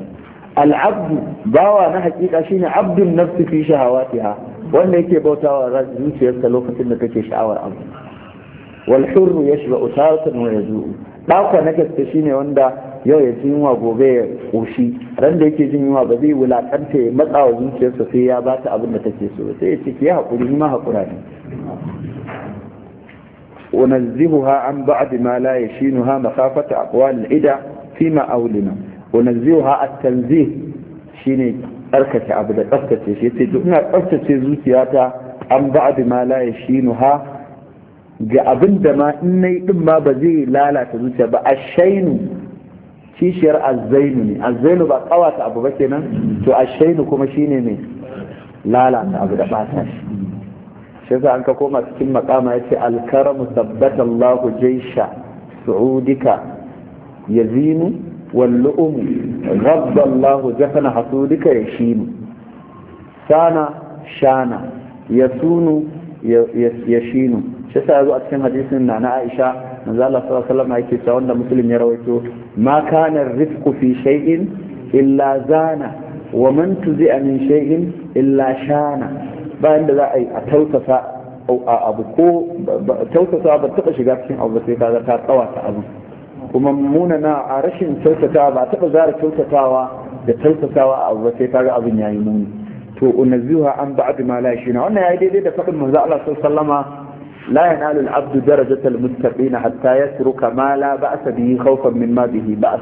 Al-Abdu al'abdu bawa na hakika shine abdun nafsi fi shahawatiha wanda yake bautawa zuciyarsa lokacin da kake sha'awar abu wal hurru yashba'u sa'atan wa yazu'u dako na gaske shine wanda yau ya ji yunwa gobe ya koshi ran da yake jin yunwa ba zai wulakanta ya matsa wa zuciyarsa sai ya bata abin da take so sai ya ce ki haƙuri ma haƙura ne unazzihuha an ba'd ma la yashinuha makhafata aqwal al-ida fima awlina unazzihuha a tanzi shine tsarkake abu da tsaftace shi yace duk ina tsaftace zuciyata an ba'd ma la yashinuha ga abinda da ma in nayi din ma ba zai lalata zuciya ba ashainu kishiyar azzainu ne azzainu ba kawata abu ba kenan to ashainu kuma shine mai lalata abu da bata shi sai an ka koma cikin makama ya ce alkaramu sabbata allahu jaisha su'udika ya zinu wallu umu allahu jafana hasudika ya shinu sana shana ya sunu ya shinu shi sa a cikin hadisin na aisha manzo Allah sallallahu alaihi wasallam yake cewa wanda muslim ya rawaito ma kana rizqu fi shay'in illa zana wa man tuzi'a min shay'in illa shana bayan da za a yi a tausasa a abu ko tausasa ba taɓa shiga cikin abu sai kaga ta tsawata abu kuma munana a rashin tausatawa ba taɓa zara tausasawa da tausasawa a abu sai kaga abin yayi muni to unazzuha an ba'd ma la shi na wannan yayi daidai da faɗin manzo Allah sallallahu alaihi لا ينال العبد درجة المتقين حتى يترك ما لا بأس به خوفا مما به بأس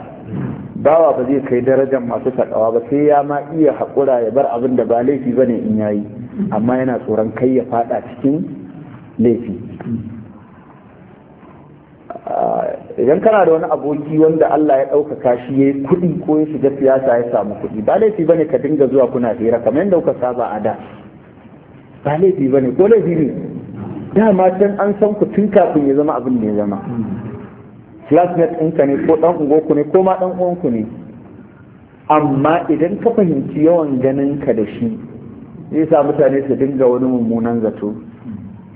bawa ba zai kai darajar masu takawa ba sai ya ma iya haƙura ya bar abin da ba laifi ba ne in yayi amma yana tsoron kai ya fada cikin laifi idan kana da wani aboki wanda Allah ya ɗaukaka shi ya yi kuɗi ko ya shiga siyasa ya samu kuɗi ba laifi ba ne ka dinga zuwa kuna hira kamar yadda kuka saba a da ba laifi ba ne ko laifi ne dama can an san ku tun kafin ya zama abin da ya zama classmate ɗinka ne ko ɗan ku ne ko ma ɗan uwanku ne amma idan ka fahimci yawan ganin ka da shi zai sa mutane su dinga wani mummunan zato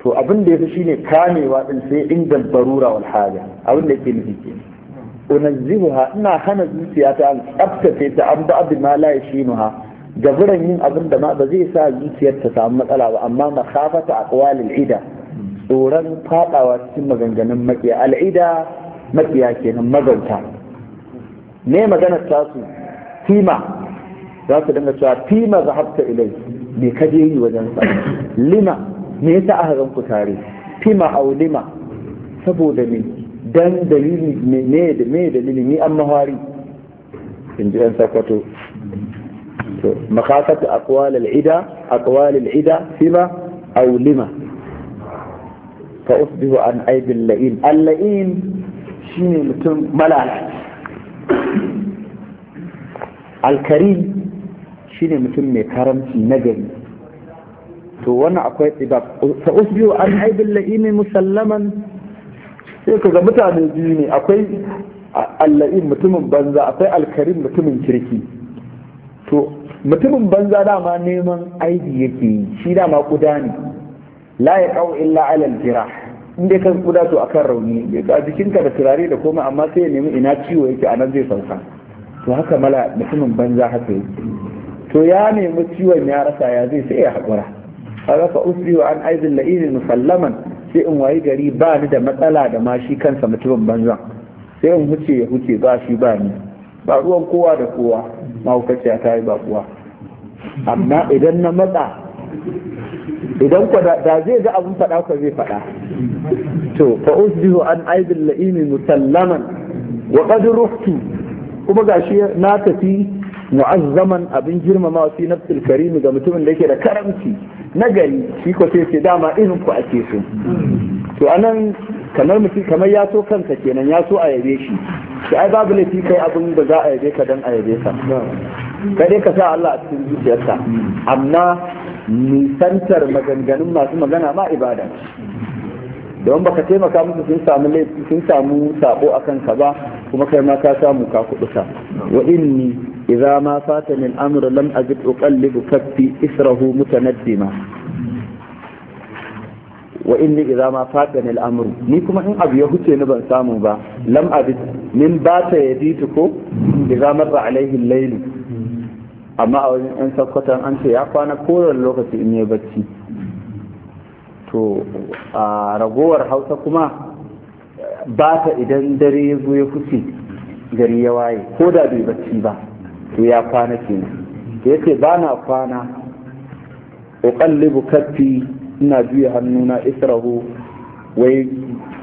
to abin da ya fi shine kamewa ɗin sai inda barura wal haja abin da yake nufi ke unazzihuha ina hana zuciyata an tsaftace ta an ba'd ma la yashinuha gaburan yin abin da ma ba zai sa zuciyar ta samu matsala ba amma makhafata aqwalil ida tsoron fadawa cikin maganganun maƙiya al'ida maƙiya kenan magauta me maganar tasu fima za su dinga cewa fima zahabta ilai ka je yi wajen sa lima me yasa aka gan ku tare fima au lima saboda me dan dalili ne da me dalili ni an mahari in ji yan sakwato to makasatu aqwal al-ida aqwal al-ida fima au lima fa usbihu an aibil la'in al-la'in ne mutum malala alkari ne mutum mai karamci nagari to wannan akwai tsibab fa biyu an haibin la'imi musallaman sai ka ga mutane biyu ne akwai alla'in mutumin banza akwai alkarin mutumin kirki to mutumin banza dama neman aiki yake yi shi dama kuda ne la ya illa alal jirah in dai ka kuda to akan rauni a ka da turare da komai amma sai ya nemi ina ciwo yake anan zai sauka to haka mala mutumin banza haka yake to ya nemi ciwon ya rasa ya zai sai ya haƙura haka fa usri wa an aizin la'ini musallaman sai in wayi gari ba ni da matsala da ma shi kansa mutumin banza sai in huce ya huce ba shi ba ni ba ruwan kowa da kowa mahaukaciya ta yi ba kowa amma idan na matsa idan ku da zai ga abun faɗa ku zai faɗa to fa usbihu an aibin la'imi musallaman wa qad ruhtu kuma gashi na tafi mu'azzaman abin girmama fi nafsil karimi ga mutumin da yake da karamci na gari shi ko sai ce dama irin ku ake so to anan kamar mutum kamar ya so kansa kenan ya so a yabe shi to ai babu laifi kai abin da za a yabe ka dan a yabe ka kai ka sa Allah a cikin zuciyarka amma nisantar maganganun masu magana ma ibada don baka taimaka musu sun samu sun samu sabo akan ka ba kuma kai ma ka samu ka kuɗuta wa inni idza ma fata min amr lam ajid uqallibu kaffi israhu mutanaddima wa inni idza ma fatani al-amru ni kuma in abu ya huce ni ban samu ba lam abid min ta yaditu ko idza marra alaihi al-layl amma a wajen yan sakkwatan an ce ya kwana koren lokaci in yi bacci to a ragowar hausa kuma ba ta idan dare ya zo ya fice gari ya waye ko da bai bacci ba to ya kwana kenan da yake ba na kwana uqallibu bukatti ina juya hannu hannuna israhu wai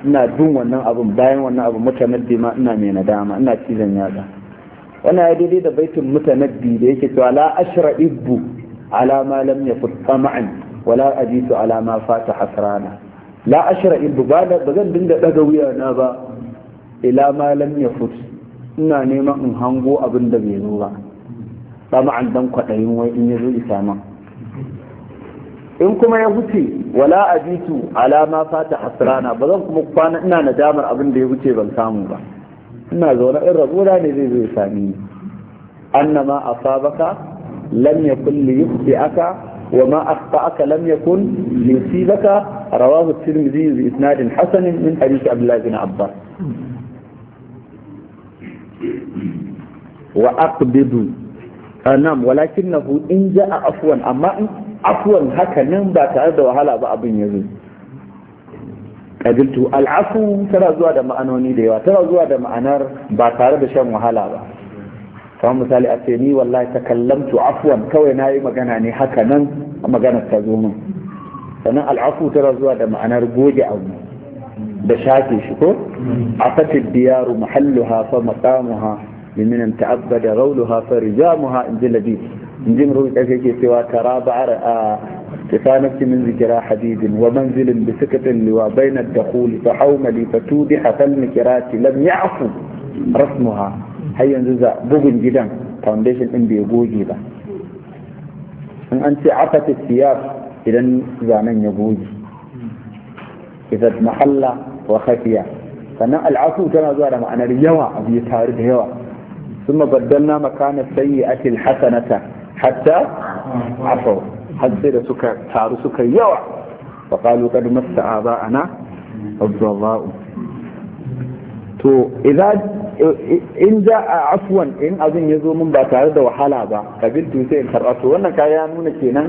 ina bin wannan abin bayan wannan abin mutanen ma ina mai nadama ina cizon yatsa wannan ya daidai da baitin mutanabbi da yake cewa la ashra ibbu ala ma lam yakut tama'an wala ajitu ala ma fata hasrana la ashra ibbu ba zan dinga daga wuya na ba ila ma lam yakut ina neman in hango abin da bai zo ba tama'an dan kwadayin wai in yazo isa man. in kuma ya huce wala ajitu ala ma fata hasrana bazan kuma kwana ina nadamar abin da ya huce ban samu ba ina zaune in da ne zai zai sami ni annama asabaka lamya yakun li aka wa ma akhta'aka lam yakun li yusibaka rawahu at-tirmidhi bi isnadin hasan min hadith abdullah bin abbas wa aqbidu anam ah, walakinahu in ja'a afwan amma in afwan haka nan ba tare da wahala ba abin yazo qabiltu al'afu tana zuwa da ma'anoni da yawa tana zuwa da ma'anar ba tare da shan wahala ba kamar misali a ce ni wallahi takallamtu afwan kawai nayi magana ne haka nan magana ta zo min sannan al'afu tana zuwa da ma'anar goge abu da shafe shi ko afatid diyaru mahalluha fa maqamuha liman ta'abbada rawluha fa rijamuha in ji in ji murul ƙarfi cewa tara ba'ar a tisanarci min zikira hadidin wa manzilin bi sikatin liwa bainar da huli fa haumali fa tudi hasan mikirati lam ya'fu rasmuha har yanzu za bugun gidan foundation din bai goge ba in an ce afata siyar idan zanen ya goge idan mahalla wa khafiya sannan al'afu tana zuwa da ma'anar yawa abu ya taru da yawa na بدلنا مكان السيئة hasanata. hatta afau har da suka taru suka yawa fa qalu qad massa aba'ana ana abdullahu to in da a afwan in abin ya zo min ba tare da wahala ba kabiltu sai in karɓa to wannan kaya ya nuna kenan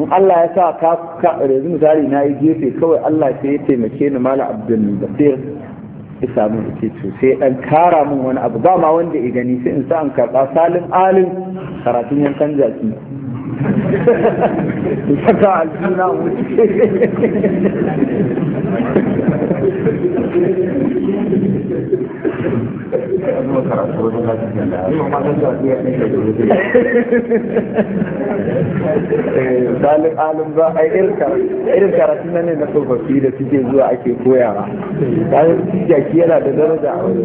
in Allah ya sa ka ka yanzu misali na yi gefe kawai Allah sai ya taimake ni mala abdul isa samu da ce to sai dan kara min wani abu ba ma wanda ya gani sai in sa an karba salin alin karatun yankan jaki saka alfina wuce dalib alim ba a irin karatu na ne na tsofaffi da suke zuwa ake koyawa kayan jaki yana da daraja a wani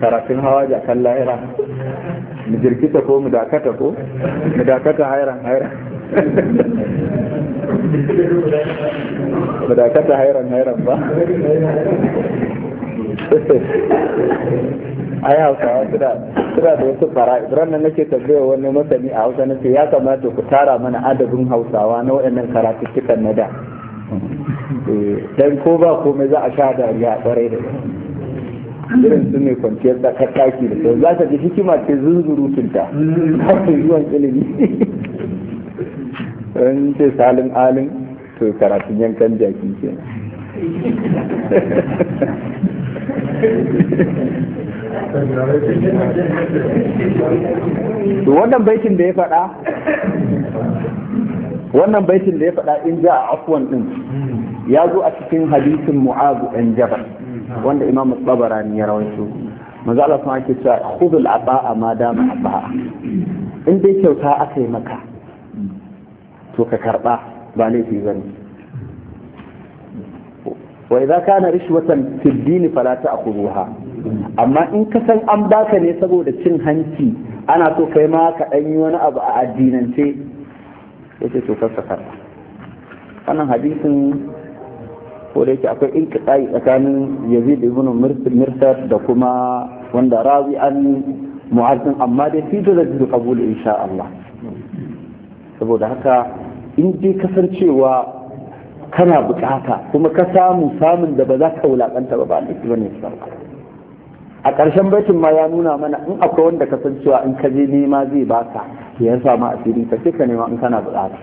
Karafin hawa da kan lahira mu jirkita ko mu dakata ko mu dakata hairan hairan mu dakata hairan hairan ba ai hausawa suna suna da wasu fara'id nan nake tambaya wani masani a hausa nake ya kamata ku tara mana adabin hausawa na waɗannan karatuttukan na da eh, dan ko ba komai za a sha dariya kwarai da gaske irin su ne kwanciyar da kakaki da sau za ka ji hikima ce zunzurutunta haka zuwan ilimi in ce salin alin to karatun yankan jaki ke wannan baitin da ya faɗa wannan baitin da ya faɗa in za a afuwan ɗin ya zo a cikin hadisin mu'azu ɗan jabal wanda imamu tsabarani ya rawaito manzo Allah kuma ake cewa khudul ata'a ma dama ata'a in dai kyauta aka yi maka to ka karba ba laifi bane wa idza kana rishwatan fi din fala ta'khudhuha amma in ka san an baka ne saboda cin hanci ana so kai ma ka dan yi wani abu a addinance yace to ka karba wannan hadisin ko da yake akwai inqita'i tsakanin Yazid ibn Mirsad da kuma wanda rawi an mu'azzin amma dai fi da zai kabul insha Allah saboda haka in dai kasancewa kana bukata kuma ka samu samun da ba za ka wulakanta ba ba ne ki bane a ƙarshen baitin ma ya nuna mana in akwai wanda kasancewa in ka je nema zai baka ya ma asiri ka ce ka nema in kana bukata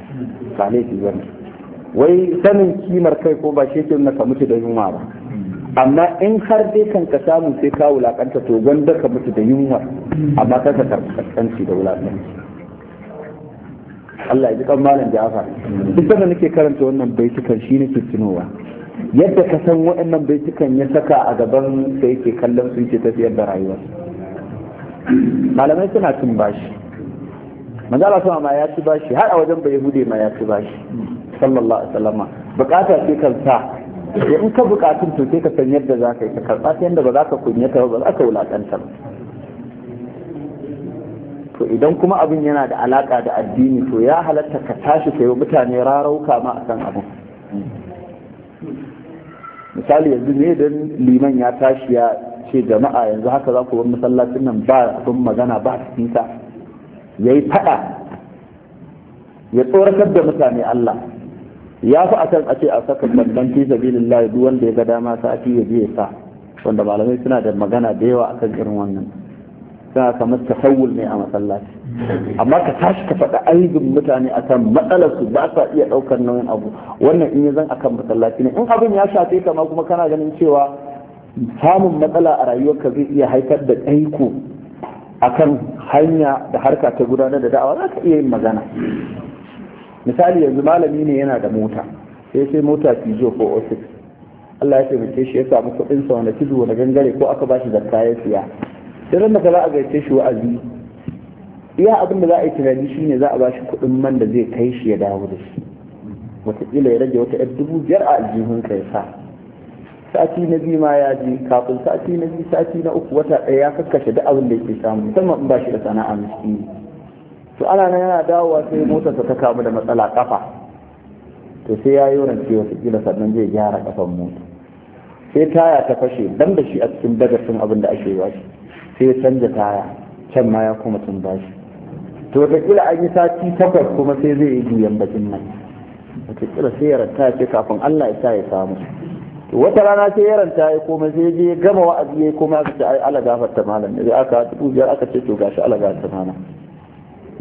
ba laifi ne. wai sanin kimar kai ko ba shi ke nuna ka mutu da yunwa ba amma in har dai kan ka samu sai ka wulakanta to gwanda ka mutu da yunwa amma ka ka karkanci da wulakanci Allah ya ji kan malam Ja'far duk da nake karanta wannan baitukan shi nake tunowa yadda ka san waɗannan baitukan ya saka a gaban sai yake kallon su yake tafiyar da rayuwar malamai suna cin bashi manzo Allah ma ya ci bashi har a wajen bai hude ma ya ci bashi sallallahu alaihi wasallam bukata ce kan sa in ka bukatun to sai ka san yadda zaka ka yi ka karba ta yadda ba za ka kunyata ba ba za ka ba to idan kuma abin yana da alaka da addini to ya halatta ka tashi kai wa mutane rarauka ma akan abin misali yanzu ne dan liman ya tashi ya ce jama'a yanzu haka za ku bar masallacin nan ba abin magana ba cikin ya yi fada ya tsoratar da mutane Allah ya fi akan a ce a saka babban fi sabilillah duk wanda ya ga dama sati ya je sa wanda malamai suna da magana da yawa akan irin wannan suna kamar tasawul ne a masallaci amma ka tashi ka faɗa aibin mutane a kan matsalarsu ba sa iya ɗaukar nauyin abu wannan in yi zan a kan masallaci ne in abin ya shafe kama ma kuma kana ganin cewa samun matsala a rayuwarka zai iya haifar da ɗaiko akan hanya da harka ta gudanar da da'awa za ka iya yin magana misali yanzu malami ne yana da mota sai sai mota fijo ko ofis Allah ya taimake shi ya samu kuɗin sa wanda tudu wani gangare ko aka bashi zakka ya siya sai ran za a gaice shi wa'azi iya abin da za a yi tunani ne za a ba shi kuɗin man da zai kai shi ya dawo da shi wataƙila ya rage wata 'yar dubu biyar a aljihunka ya sa sati na biyu ma ya ji kafin sati na biyu sati na uku wata ɗaya ya kakkashe duk abin da yake samu musamman in ba shi da sana'a miskini to ana nan yana dawowa sai motarsa ta kamu da matsala kafa to sai ya yi wurin ce wasu kila sannan zai gyara kafan mota sai taya ta fashe dan da shi a cikin dagasin abin da ake ba shi sai ya canza taya can ma ya kuma tun ba shi to kila an yi sati takwas kuma sai zai yi juyan bakin nan kila sai ya ranta ce kafin allah ya sa ya samu wata rana sai ya ranta ya komai sai je gama wa'azi ya koma ga ai alaga fatta malam ne aka dubu biyar aka ce to gashi alaga fatta malam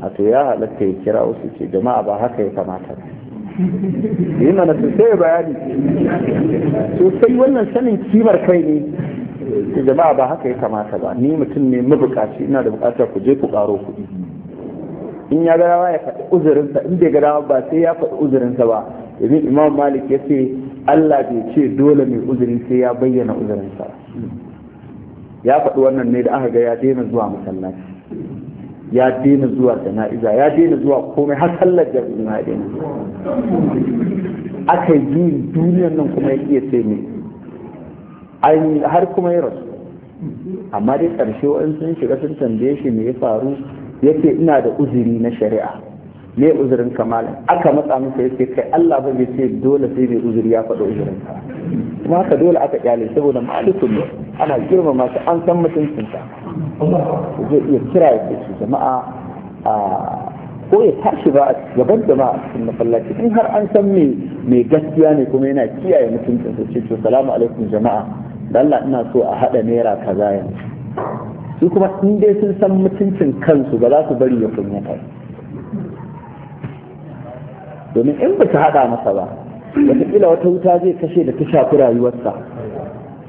a to ya halatta ya kira wasu ce jama'a ba haka ya kamata yi mana sosai bayani sosai wannan sanin kimar kai ne jama'a ba haka ya kamata ba ni mutum ne mabukaci ina da bukatar ku je ku karo kuɗi in ya ga ya faɗi uzurinsa in bai ga ba sai ya faɗi uzurinsa ba domin imam malik ya ce allah bai ce dole mai uzuri sai ya bayyana uzurinsa ya faɗi wannan ne da aka ga ya daina zuwa masallaci ya daina zuwa jana'iza ya daina zuwa komai har sallar jami'a ya daina aka yi duniyar nan kuma ya iya sai ne har kuma ya rasu amma dai ƙarshe wa'in sun shiga sun tambaye shi me ya faru yake ina da uzuri na shari'a me uzurin ka malam aka matsa masa yake kai Allah ba zai ce dole sai mai uzuri ya faɗa uzurin ka kuma haka dole aka kyale saboda malikun ne ana girmama shi an san mutuncin sa zai iya kira ya ce jama'a a ko ya tashi ba a gaban jama'a cikin mafallaci in har an san me mai gaskiya ne kuma yana kiyaye mutuncin sa ce to salamu alaikum jama'a da Allah ina so a haɗa naira kaza yanzu su kuma in dai sun san mutuncin kansu ba za su bari ya kunya kai domin in ba ta haɗa masa ba wataƙila wata wuta zai kashe da ta shafi rayuwarsa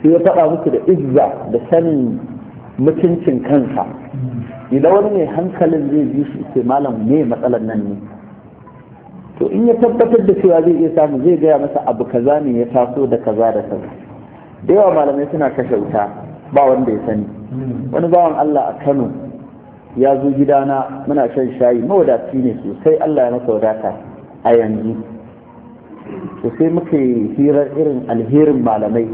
sai ya faɗa musu da izza da sanin mutuncin kansa idan wani mai hankalin zai bi su sai malam ne matsalar nan ne to in ya tabbatar da cewa zai iya samu zai gaya masa abu kaza ne ya taso da kaza da kaza da yawa malamai suna kashe wuta ba wanda ya sani wani bawan Allah a Kano ya zo gidana muna shan shayi mawadaci ne sosai Allah ya masa wadata a yanzu to sai muka yi hirar irin alherin malamai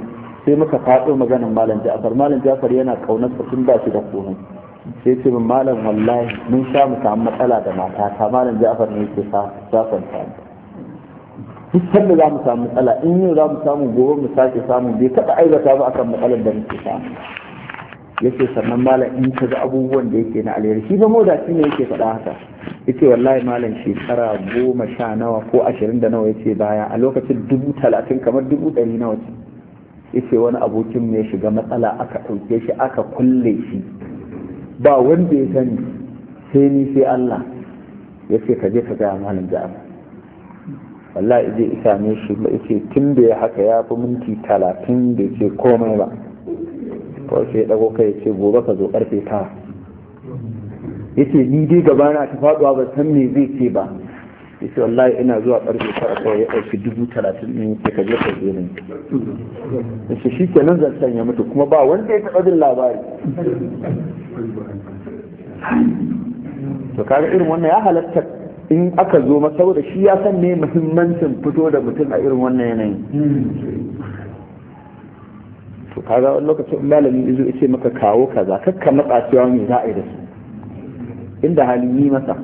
sai muka faɗo maganin malam ja'far malam ja'far yana kaunar sa tun ba shi da komai sai ce min malam wallahi mun sha mu samu matsala da mata ta malam ja'far ne ke sa ja'far ta duk sanda za mu samu matsala in yau za mu samu gobe mu sake samu bai taɓa aibata ba akan matsalar da muke samu yace sannan malam in ka ga abubuwan da yake na alheri shi ba moda shi ne yake faɗa haka yace wallahi malam shekara goma sha nawa ko ashirin da nawa yace baya a lokacin dubu talatin kamar dubu ɗari nawa ce yace wani abokin mu ya shiga matsala aka ɗauke shi aka kulle shi ba wanda ya sani sai ni sai Allah yace ka je ka ga malam ja'afar wallahi zai isa ne shi yace tun da ya haka ya fi minti talatin da ce komai ba kawai sai dago kai ya ce gobe ka zo karfe Ya yace ni dai gaba na ta faduwa ba san me zai ce ba yace wallahi ina zuwa karfe ta kawai ya ɗauki dubu talatin ne ya kaje ka zo ne yace shi kenan zancen ya mutu kuma ba wanda ya taɓa jin labari to kaga irin wannan ya halatta in aka zo masa saboda shi ya san ne muhimmancin fito da mutum a irin wannan yanayin to kaga wani lokacin malamin yazo ya ce maka kawo kaza kakka matsa cewa me za a yi da su inda halin yi masa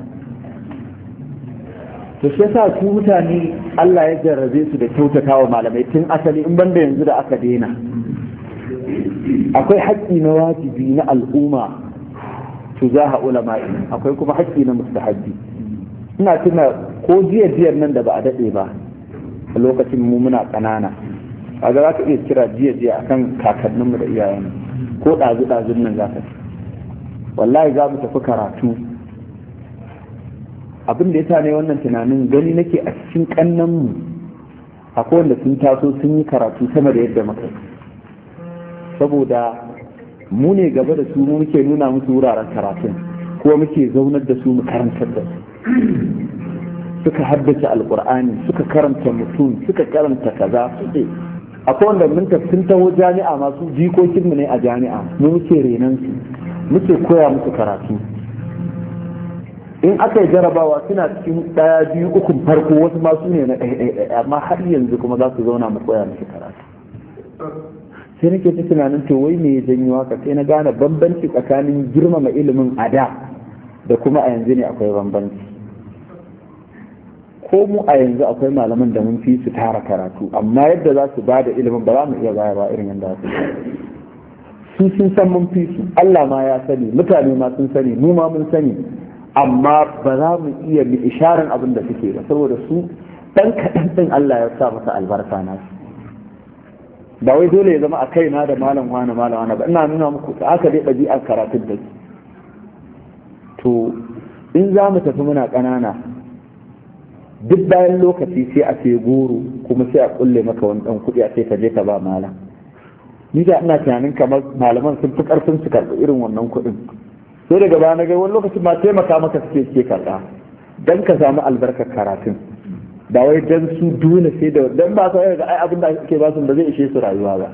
to shi yasa ku mutane Allah ya jarrabe su da kyautata wa malamai tun asali in banda yanzu da aka daina akwai haƙƙi na wajibi na al'umma su za ha ulama akwai kuma haƙƙi na mustahabbi ina tuna ko jiya jiyar nan da ba a daɗe ba a lokacin mu muna ƙanana kaga za ka iya kira jiya jiya a kan kakanninmu da iyayenmu ko ɗazu ɗazun nan za ka ci wallahi za mu tafi karatu abin da ya sa ne wannan tunanin gani nake a cikin ƙannanmu akwai wanda sun taso sun yi karatu sama da yadda muka saboda mu ne gaba da su muke nuna musu wuraren karatun ko muke zaunar da su mu karantar da su suka haddace alkur'ani suka karanta mutum suka karanta kaza suke akwai wanda mun sun taho jami'a masu jikokinmu ne a jami'a mu muke renan su muke koya musu karatu in aka yi jarabawa suna cikin daya biyu uku farko wasu ma ne na ɗaya amma har yanzu kuma za su zauna mu koya musu karatu sai nake ta tunanin to wai me ya janyo haka sai na gane bambanci tsakanin girmama ilimin a da da kuma a yanzu ne akwai bambanci ko mu a yanzu akwai malaman da mun fi su tara karatu amma yadda za su da ilimin ba za mu iya bayarwa irin yadda su su sun san mun fi su Allah ma ya sani mutane ma sun sani mu ma mun sani amma ba za mu iya bi isharin abin da suke ba saboda su dan kaɗan ɗin Allah ya sa masa albarka na su ba wai dole ya zama a kaina da malam wani malam wani ba ina nuna muku aka dai ɗabi'ar karatun da to in za mu tafi muna ƙanana duk bayan lokaci sai a ce goro kuma sai a kulle maka wani dan kuɗi a sai ka je ka ba malam ni da ina tunanin kamar malaman sun fi karfin su karɓi irin wannan kuɗin sai daga baya na ga wani lokacin ma taimaka maka suke ke karɓa dan ka samu albarkar karatun ba wai dan su dole sai da dan ba sai ga ai abin ake ba su ba zai ishe su rayuwa ba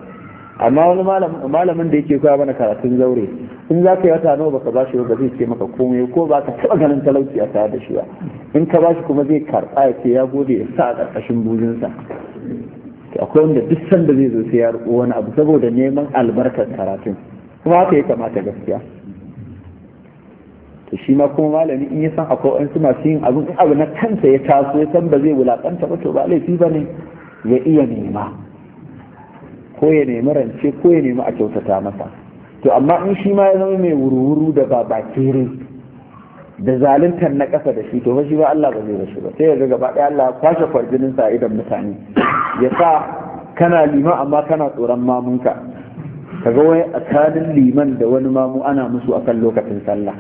amma wani malamin da yake koya mana karatun zaure in za ka yi wata nawa baka ba shi ba zai ce maka komai ko ba ka taba ganin talauci a tare da shi ba in ka ba shi kuma zai karɓa ya ce ya gode ya sa a ƙarƙashin bujinsa akwai wanda duk sanda zai zo sai ya riƙo wani abu saboda neman albarkar karatun kuma haka ya kamata gaskiya to shi ma kuma malami in ya san akwai wa'ansu masu yin abu abu na kansa ya taso ya san ba zai wulaƙanta ba to ba laifi ba ne ya iya nema ko ya nemi rance ko ya nemi a kyautata masa to amma in shi ma ya zama mai wuru-wuru da babakere da zaluntar na ƙasa da shi to ba shi ba Allah ba zai ba shi ba sai ya ga gaba ɗaya Allah kwashe kwarjinin sa idan mutane ya sa kana liman amma kana tsoron mamunka kaga wai a tsakanin liman da wani mamu ana musu akan lokacin sallah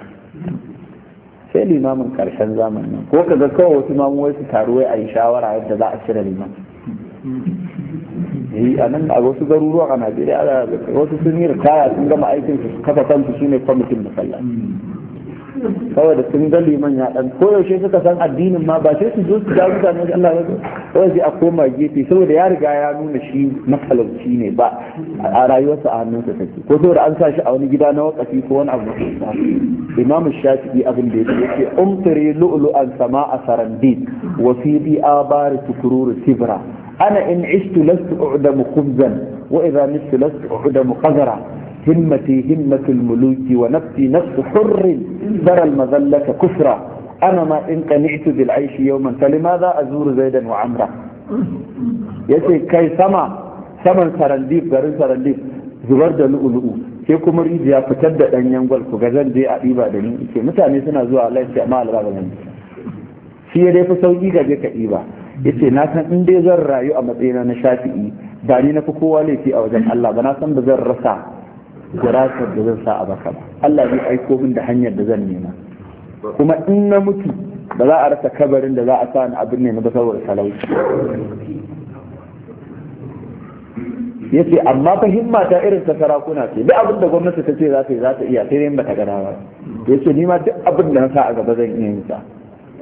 sai limamin karshen zamani. ko kaga kawai wasu mamu wai su taru wai a yi shawara yadda za a cire liman yi a nan a wasu garuruwa a najeriya ana wasu sun yi ritaya sun gama aikin su kafa kansu shine kwamitin masallaci saboda sun ga liman ya dan koyaushe suka san addinin ma ba sai su zo su ga mutane da Allah ba sai a koma gefe saboda ya riga ya nuna shi matalauci ne ba a rayuwarsa a hannunsa take ko saboda an sa shi a wani gida na wakafi ko wani abu imamu shafi'i abin da yake yake umtiri lu'lu'an sama'a sarandin wa fi bi abar tukururu sibra أنا إن عشت لست أعدم خبزا وإذا مت لست أعدم قذرا همتي همة الملوك ونفسي نفس حر ترى المذلة كسرى أنا ما إن قنعت بالعيش يوما فلماذا أزور زيدا وعمرا يسي كي سما saman sarandif garin sarandif zubar da lu'ulu'u sai kuma rijiya fitar da ɗanyen gwal ku zan je a ɗiba da ni ke mutane suna zuwa Allah ya amma alba ba shi ya dai fi sauki ga je ka ɗiba yace na san inda zan rayu a matsayina na shafi'i ba ni na fi kowa laifi a wajen Allah ba na san ba zan rasa gurasar da zan sa a baka ba Allah zai aiko min da hanyar da zan nema kuma in na mutu ba za a rasa kabarin da za a sa ni abin ne ba saboda talauci yace amma fahimma ta irin ta sarakuna ce duk abin da gwamnati ta ce za ta yi za ta iya sai dai ba ta gada ba yace ni ma duk abin da na sa a gaba zan iya yin sa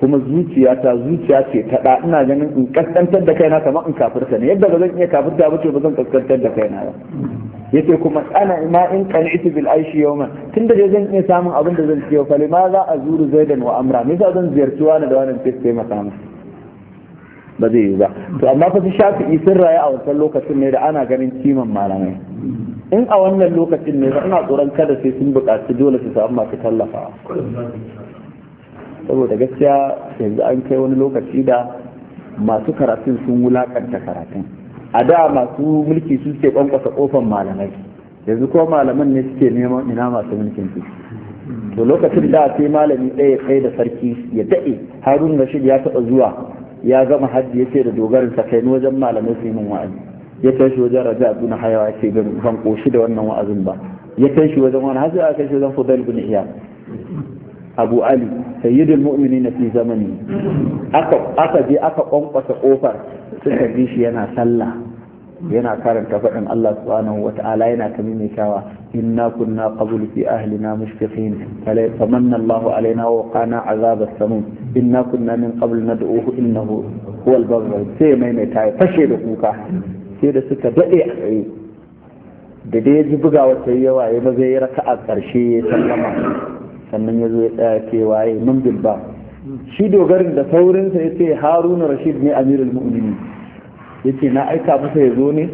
kuma zuciya ta zuciya ce ta da ina ganin in kaskantar da kaina kamar in kafirta ne yadda ba zan iya kafirta ba ce ba zan kaskantar da kaina ba yace kuma ana ma in qani'tu bil aishi yawma tunda dai zan iya samun abin da zan ciyo fa ma za a zuru zaidan wa amra me yasa zan ziyarci wani da wani sai sai masa ba zai yi ba to amma fa shi shafi'i sun rayu a wancan lokacin ne da ana ganin kiman malamai in a wannan lokacin ne ba ina tsoron kada sai sun buƙaci dole su samu masu tallafawa saboda gaskiya yanzu an kai wani lokaci da masu karatun sun wulakanta karatun a da masu mulki su ke kwankwasa kofan malamai yanzu ko malaman ne suke neman ina masu mulkin su to lokacin da sai malami ɗaya ɗaya da sarki ya daɗe harun rashid ya taɓa zuwa ya gama hajji ya ce da dogarin sa kai wajen malamai su yi min wa'azi ya kai shi wajen raja abu na hayawa ya ce ban koshi da wannan wa'azin ba ya kai shi wajen wani hajji a kai shi wajen fudal bin iya abu ali sayyidul mu'minin fi zamani aka aka je aka kwankwasa kofar suka ji shi yana sallah yana karanta faɗin Allah subhanahu wa ta'ala yana ta mimikawa inna kunna qablu fi ahlina mushfiqin famanna Allahu alaina wa qana azab as-samum inna kunna min qablu nad'uhu innahu huwal barr sai maimaita ya fashe da kuka sai da suka dade a tsaye da dai ya ji bugawa sai yawa ya maza ya raka'a karshe ya sallama sannan ya zo ya tsaya ke waye mun bilba shi dogarin da saurinsa ya ce haruna rashid ne amirul mu'minin ya ce na aika masa ya zo ne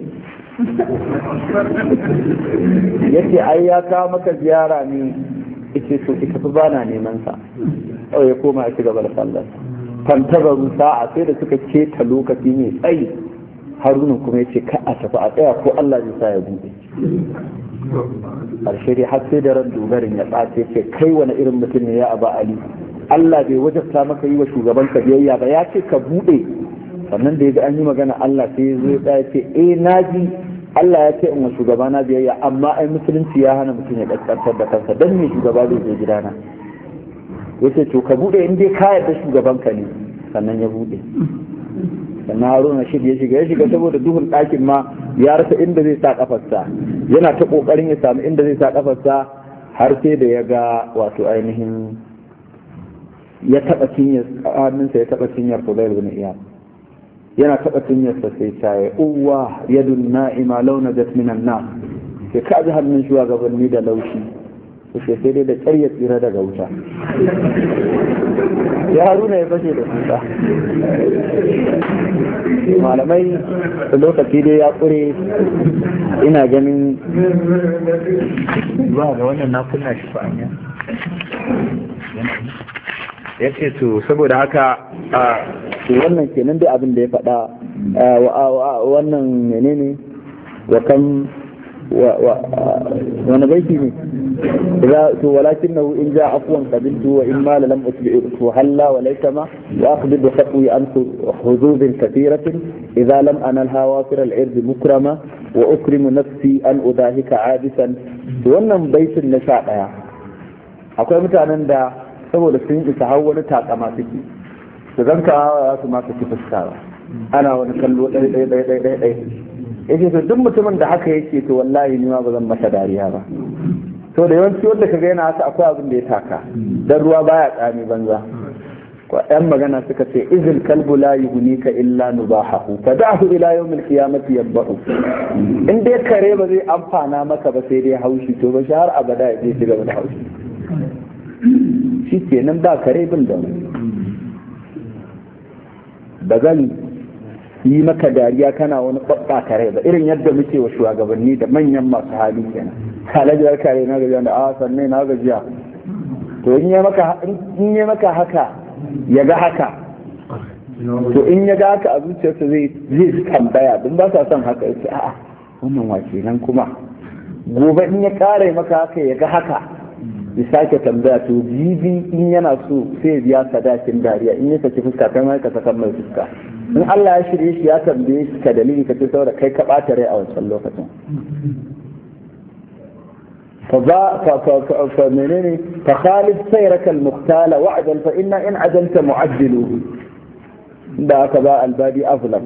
ya ce ai ya kawo maka ziyara ne ita so ita fi bana neman sa ya koma ya ci gaba da sallar fantabaru sa'a sai da suka keta lokaci mai tsayi haruna kuma ya ce ka a tafi a tsaya ko allah zai sa ya bude karshe har sai da ran dogarin ya ɓace ce kai wani irin mutum ne ya aba ali Allah bai wajabta maka yi wa shugaban ka biyayya ba ya ce ka buɗe sannan da ya ga an yi magana Allah sai ya zo ya ce eh na ji Allah ya ce in wa na biyayya amma ai musulunci ya hana mutum ya kaskantar da kansa dan me shugaba zai je gidana yace to ka buɗe in dai ka yarda shugaban ka ne sannan ya buɗe na runa shi ya shiga ya shiga saboda duhun ɗakin ma ya rasa inda zai sa kafarsa yana ta ƙoƙarin ya sami inda zai sa kafarsa har sai da ya ga wato ainihin ya taɓa cinyar hannunsa ya taɓa cinyar fudayl bin iya yana taɓa sa sai ta yi uwa yadun na'ima launa jasminan na sai ka ji hannun shugabanni da laushi sai sai dai da ƙarya tsira daga wuta ya haruna ya fashe da kusa malamai da lokaci dai ya kure ina ganin ba da wannan na kunna shi fa'anya ya ce to saboda haka a wannan kenan dai abin da ya faɗa wannan menene wa kan wani baiki ne za su walakin na in ja afuwan kabintu wa in mala lam usbi su halla wa laita ma wa aku bi bukatu yi amsu huzuzin kafiratin idan lam an alhawa firar irzi mukurama, wa ukrimu nafsi an udahika adisan wannan baitin na sha daya akwai mutanen da saboda sun isa hau wani takama suke su ka hawa ya su ma su fuskara ana wani kallo ɗaya ɗaya ɗaya ɗaya ɗaya yake to duk mutumin da haka yake to wallahi ni ma ba zan masa dariya ba to da yawanci wanda kaga yana haka akwai abin da ya taka dan ruwa baya tsami banza yan magana suka ce izil kalbu la ka illa nubahahu fa da'hu ila yawmil qiyamati yabahu in dai kare ba zai amfana maka ba sai dai haushi to ba har abada ya je gaba da haushi shi kenan ba kare bin da ba zan yi maka dariya kana wani babba kare ba irin yadda muke wa shugabanni da manyan masu hali kenan kalajiyar kare na gajiya da a ah, sanne na gajiya to in ya maka haka ya ga haka to in ya ga haka a zuciyarsa zai tambaya don ba sa son haka ya a'a wannan wace nan kuma gobe in ya kare maka haka ya ga haka ya sake tambaya to bibi in yana so sai ya biya sadakin dariya in ya saki fuska kai ma ka saka mai fuska in Allah ya shirye shi ya tambaye shi ka dalili ka ce saboda kai ka bata rai a wancan lokacin fa menene fa khalid sayraka al-muqtala wa'dan fa inna in adalta mu'addiluhu da aka ba albadi aflam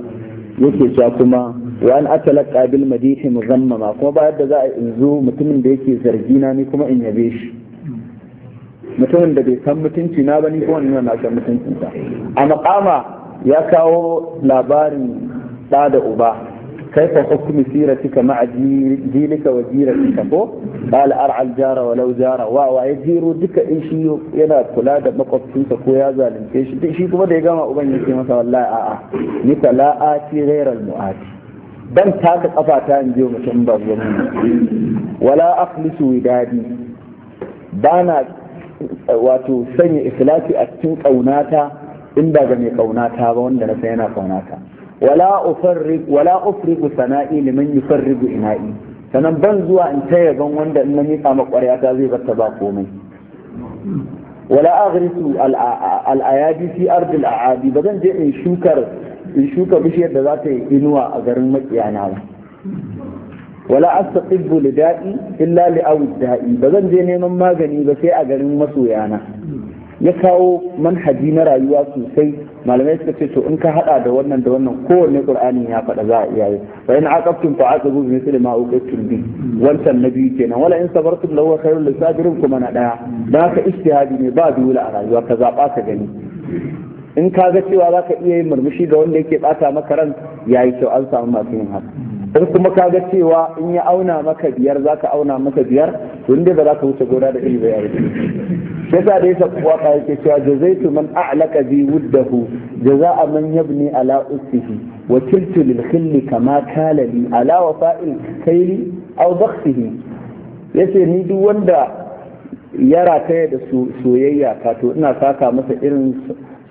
yake cewa kuma wa an atalaka bil madihi muzammama kuma ba yadda za a in zo mutumin da yake zargi na ni kuma in yabe shi mutumin da bai san mutunci na bani ko wannan na san mutuncin sa a maqama ya kawo labarin da da uba kai fa hukumi sira tika ma jilika wa jira tika ko bal ar al jara jara wa wa yajiru duka in shi yana kula da makwabcin ko ya zalunce shi shi kuma da ya gama uban yake masa wallahi a a ni tala'ati ghairal mu'ati dan taka kafata in je mutum ba wala aqlisu widadi bana wato sanya ikhlasi a cikin kaunata in ba ga mai kaunata ba wanda na san yana kaunata wala ufarrig wala ufrigu sana'i liman yufarrigu ina'i sanan ban zuwa in ta yaban wanda in na mika ma ta zai barta ba komai wala aghrisu al-ayadi fi ardi al-aadi ba zan je in shukar in shuka bishiyar da za ta yi inuwa a garin makiyana ba wala astaqibbu li daɗi, illa li awi ba zan je neman magani ba sai a garin masoyana ya kawo manhaji na rayuwa sosai malamai suka ce to in ka hada da wannan da wannan kowanne qur'ani ya faɗa za a iya yi fa in aqabtum fa aqabu bi misli ma uqibtum bi wancan nabi kenan wala in sabartum lahu khairul lisabirin kuma na daya da ka ijtihadi ne ba dole a rayuwa ka zaba ka gani in ka ga cewa za ka iya yin murmushi da wanda yake bata maka ran yayi kyau an samu masu yin haka in kuma ka ga cewa in ya auna maka biyar za ka auna maka biyar wanda ba za ka wuce gona da ilimi ya rufe yasa da yasa ka yake cewa jazaitu man a'laka bi wuddahu jaza'a man yabni ala ussihi wa tiltu lil khilli kama kala li ala wafa'il khairi aw Ya yace ni duk wanda yara ta da soyayya ta to ina saka masa irin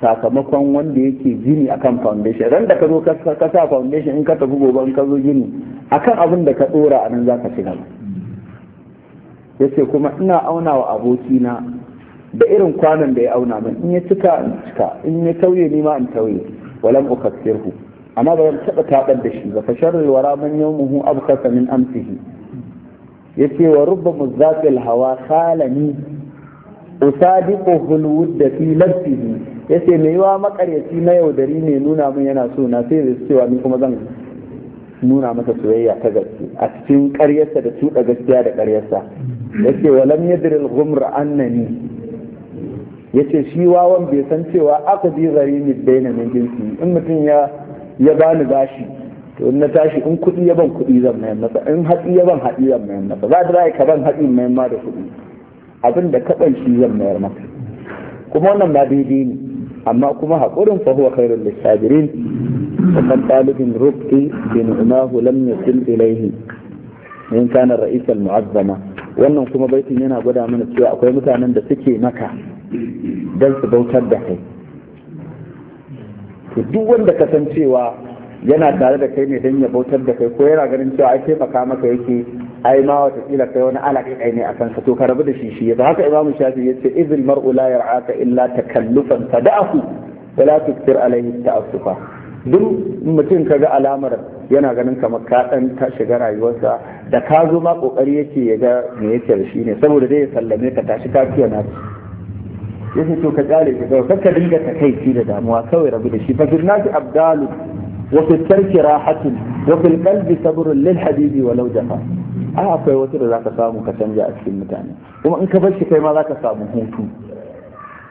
sakamakon wanda yake gini akan foundation ran da ka zo ka sa foundation in ka tafi gobe in ka zo gini akan abin da ka dora a nan zaka ci gaba yace kuma ina auna wa abokina da irin kwanan da ya auna min in ya cika in cika in ya tauye ni ma in tauye walam ukassirhu amma ba zan taba tabar da shi ba fa sharri wara man yawmuhu abkasa min amsihi yace wa rubba muzakil hawa khalani usadiqu da fi nafsihi yace me yawa makaryaci na yaudari ne nuna min yana so na sai da cewa ni kuma zan nuna masa soyayya ta gaske a cikin ƙaryarsa da tuɗa gaskiya da ƙaryarsa yace walam yadril ghumra annani yace shi wawan bai san cewa aka bi ni baina min jinsi in mutum ya ya bani bashi to in na tashi in kuɗi ya ban kuɗi zan mayar masa in hatsi ya ban hatsi zan mayar masa ba da ka ban hatsi mayar ma da kuɗi abin da kaɗan shi zan mayar maka kuma wannan ba daidai ne amma kuma haƙurin fa huwa khairul lisabirin wa kan talibin rubqi bi ni'mahu lam yasil ilayhi in kana ra'is al mu'azzama wannan kuma baitin yana gwada mana cewa akwai mutanen da suke maka dan su bautar da kai to duk wanda ka san cewa yana tare da kai ne dan ya bautar da kai ko yana ganin cewa ai taimaka maka yake ai ma wata kila kai wani alaƙi kai ne a to ka rabu da shi shi yadda haka imam shafi ya ce izil mar'u la yar'aka illa takallufan tada'ahu wa la tuktir alaihi ta'assufa duk mutum kaga alamar yana ganin kamar ka dan ta shiga rayuwarsa da ka zo ma kokari yake ya ga me yake da shi ne saboda dai ya sallame ka tashi ka kiyo na yace to ka tsare ka kawai ka dinga takaici da damuwa kawai rabu da shi fa birnati abdalu وفي الترك راحة وفي القلب صبر للحبيب ولو جفا a akwai wasu da za ka samu ka canja a cikin mutane kuma in ka bar shi kai ma za ka samu hutu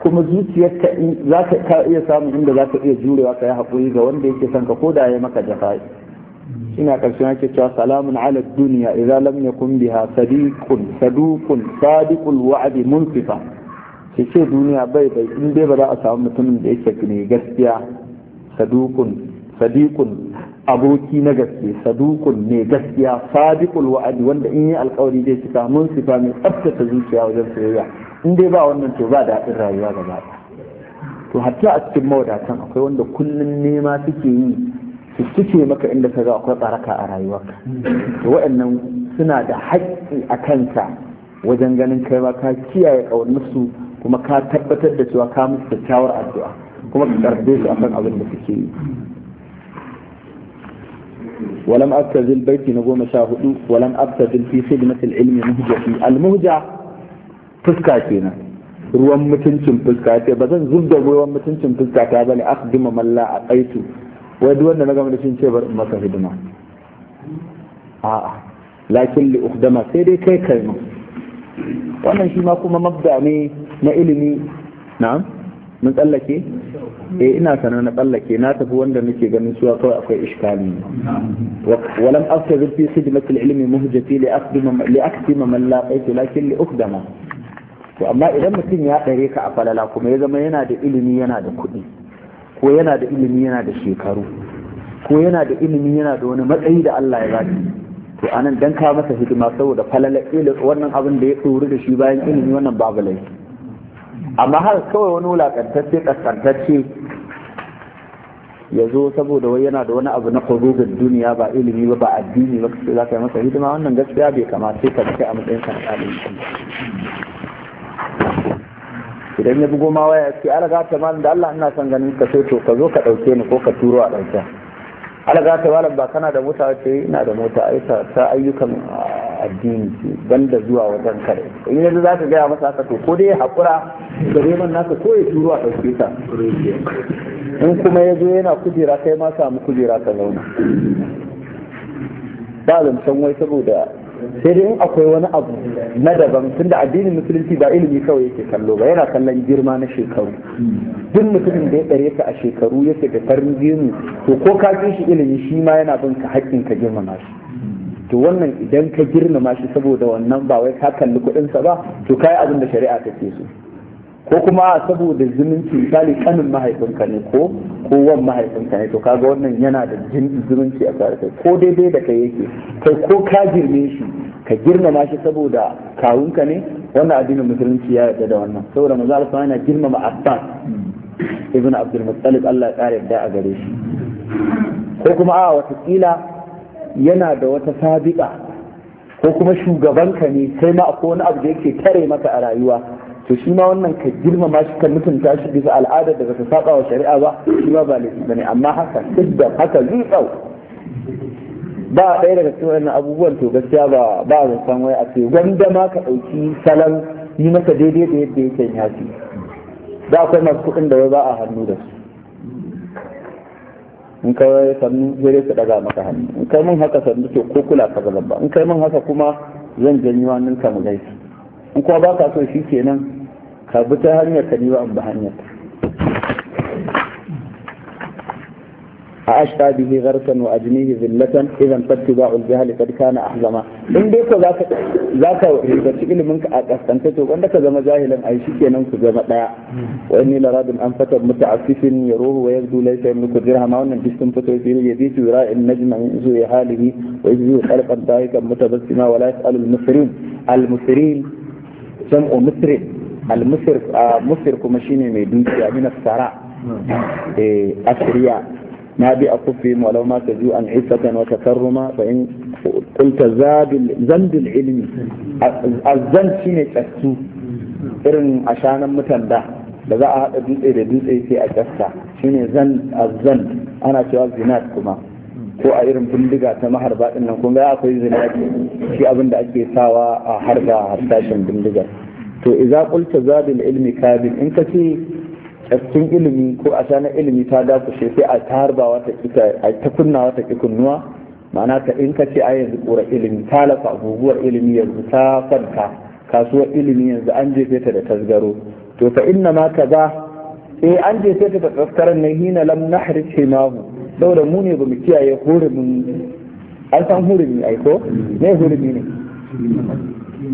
kuma zuciyarka za ka iya samun inda ka iya jurewa ka yi haƙuri ga wanda yake son ka ko da ya maka jafa'i ina karshen ake cewa salamun ala duniya idza lam yakun biha sadiqun sadiqun sadiqul wa'di munfifa ke ce duniya bai bai in dai ba za a samu mutumin da yake ne gaskiya sadukun sadiqun aboki na gaske sadukun ne gaskiya sadiqul wa'adi wanda in yi alkawari zai cika mun sifa mai tsabtata zuciya wajen soyayya in dai ba wannan to ba daɗin rayuwa gaba to hatta a cikin mawadatan akwai wanda kullum nema suke yi su cike maka inda ka ga akwai tsaraka a rayuwa to waɗannan suna da haƙƙi a kanka wajen ganin kai ma ka kiyaye ƙaunarsu kuma ka tabbatar da cewa ka musu kyakkyawar addu'a kuma ka karbe su akan abin da suke yi ولم أبتذل بيتي نقوم شاهدو ولم أبتذل في خدمة العلم مهجتي المهجة فسكاتينا ruwan mutuncin fuska ce ba zan zub da ruwan mutuncin fuska ta bane akhdima malla a kaitu wai duk wanda na gama da shi ce bar masa hidima a'a lakin li ukhdama sai dai kai kai wannan shi ma kuma mabda ne na ilimi na'am mun tsallake eh ina sanar na tsallake na tafi wanda nake ganin cewa kawai akwai iskali walam aftarid fi sidmat al-ilmi muhjati li aqdima li aqdima man la qaitu lakin li uqdama to amma idan mutum ya dare ka a falala kuma ya zama yana da ilimi yana da kuɗi ko yana da ilimi yana da shekaru ko yana da ilimi yana da wani matsayi da Allah ya baki to anan dan ka masa hidima saboda falala ilimi wannan abin da ya tsoro da shi bayan ilimi wannan babu laifi amma har kawai wani wulakantacce kaskantacce ya zo saboda wai yana da wani abu na kurubin duniya ba ilimi ba ba addini ba kasu za ka yi masa hidima wannan gaskiya bai kamata ka kai a matsayin na ɗalibin idan ya bugo ma waya ya ce alaga ta da Allah ina son ganin ka sai to ka zo ka ɗauke ni ko ka turo a ɗauke alaga ta malam ba kana da mota ce ina da mota ai ta ayyukan addini ce banda zuwa wajen kare in yanzu za ka gaya masa haka to ko dai hakura da neman naka ko ya turo a ɗauke ta in kuma ya zo yana kujera kai ma samu kujera ka zauna ba zancen wai saboda sai dai in akwai wani abu na daban tunda addinin musulunci ba ilimi kawai yake kallo ba yana kallon girma na shekaru duk mutumin da ya tsare ka a shekaru yake da farin jini to ko ka ji shi ilimi shi ma yana bin ka haƙƙin ka girmama shi to wannan idan ka girmama shi saboda wannan ba wai ka kalli kuɗinsa ba to kai abin da shari'a take so ko kuma saboda zumunci misali kanin mahaifinka ne ko kowan mahaifinka ne to kaga wannan yana da zumunci a tsara kai ko daidai da kai yake kai ko ka girme shi ka girmama shi saboda kawunka ne wannan addinin musulunci ya yarda da wannan saboda manzo Allah yana girmama Abbas ibn Abdul Muttalib Allah ya kare da a gare shi ko kuma a watakila yana da wata sabiƙa ko kuma shugabanka ne sai ma akwai wani abu da yake tare maka a rayuwa to shi ma wannan ka girmama shi kan mutunta shi bisa al'adar da ka saba wa shari'a ba shi ma ba laifi bane amma haka sidda haka tsau. ba ɗaya daga cikin wannan abubuwan to gaskiya ba ba zan san wai a ce Wanda ma ka ɗauki salon yi masa daidai da yadda yake ya fi da akwai masu kuɗin da wai ba a hannu da su in ka wai sannu sai dai su maka hannu in kai mun haka sannu to ko kula ka ba in kai mun haka kuma zan janyi wannan ka mu in kuma ba ka so shi kenan ka bi به غرسا وأجنيه ذلة إذا فاتباع الجهل قد كان أحزما إن ديكو ذاك ذاك بشكل منك أستنتجه وأنك زم جاهلا أي شيء ينمك زم لا وإني لراد أن فتب متعفف يروه ويبدو ليس يملك درهما وأن جسم فتى في يبيت يراء النجم من سوء حاله ويجزي خلقا ضاحكا متبسما ولا يسأل المصرين المصرين جمع مصرين almusir musir kuma shine mai dukiya minas sara eh, a na bi a kufi walau ma ta zuwa wata karruma ba in kulta zambil ilimi a zanci ne tsattu irin a shanan mutanda da za a haɗa dutse da dutse sai a tsasta shine zan azan ana cewa zinat kuma ko a irin bindiga ta maharba ɗin nan kun ga akwai zinat shi abin da ake sawa a harga harsashin bindigar to idza qulta zabin ilmi kadin in ka ce ilimi ko a sanar ilimi ta dakushe sai a tarba wata kita a ta kunna wata kunnuwa ma'ana ka in ka ce a yanzu kura ilimi ta lafa guguwar ilimi yanzu ta fanta kasuwar ilimi yanzu an jefe ta da tasgaro to fa inna ma kaza eh an je sai ta tsaskaran nan hina lam nahri himahu saboda mu ne bamu kiyaye hurumin an san hurumi ai ko ne hurumi ne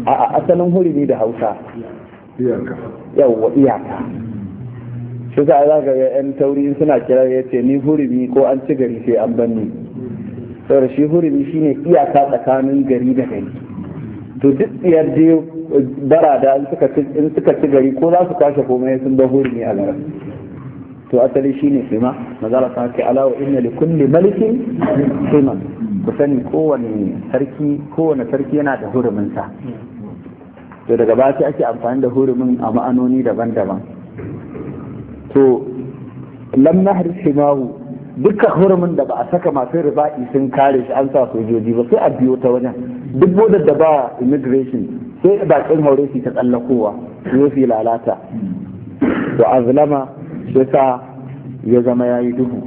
a asalin hurumi da hausa yawwa iyaka shi ka za ga yan tauri suna kira ya ce ni hurumi ko an ci gari sai an banni saboda shi hurumi shine iyaka tsakanin gari da gari to duk tsiyar je eh, barada in suka ci gari ko za su kwashe komai sun ban hurumi a garin to asali shine sima maza ta ce ala inna li kulli malikin sima ku sani kowane sarki kowane sarki yana da hurumin sa to daga baya ake amfani da hurumin a ma'anoni daban-daban to lam nahrif duka dukkan hurumin da ba a saka masu riba'i sun kare shi an sa sojoji ba sai a biyo ta wajen duk bodar da ba immigration sai bakin haure su ta tsallakowa su yi lalata to azlama Yasa sa ya zama yayi duhu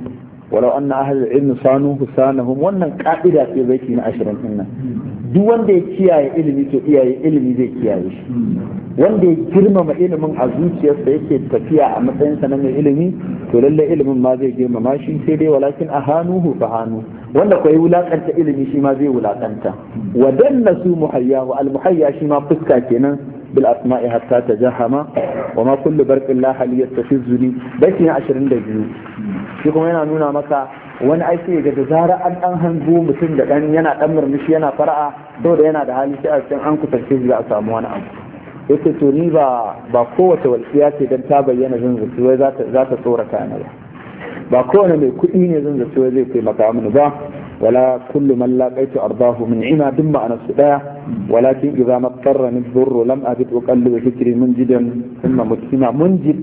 walau na ahal ilmi sanu husanahum wannan ka'ida ce baiti na ashirin din nan duk wanda ya kiyaye ilimi to iyaye ilimi zai kiyaye shi wanda ya girmama ilimin a zuciyarsa yake tafiya a matsayinsa na mai ilimi to lalle ilimin ma zai girmama shi sai dai walakin a hu fa hannu, wanda ko wulakanta ilimi shi ma zai wulakanta wadanna su muhayyahu al muhayya shi ma fuska kenan بالأسماء حتى تجهم وما كل برق لا حل يستفزني da biyu. دبيو kuma yana nuna maka wani aiki ya da zara an dan hango mutum da dan yana dan murmushi yana fara'a da yana da hali sai a cikin an kusance shi a samu wani abu yace to ni ba ba kowace walƙiya ce dan ta bayyana zan zaci wai za ta tsorata ni ba ba kowane mai kuɗi ne zan zaci zai taimaka mini ba ولا كل من لاقيت أرضاه من عما دم أنا السداع ولكن إذا ما اضطرني الضر لم أجد أقلب فكري منجدا ثم مسلما منجد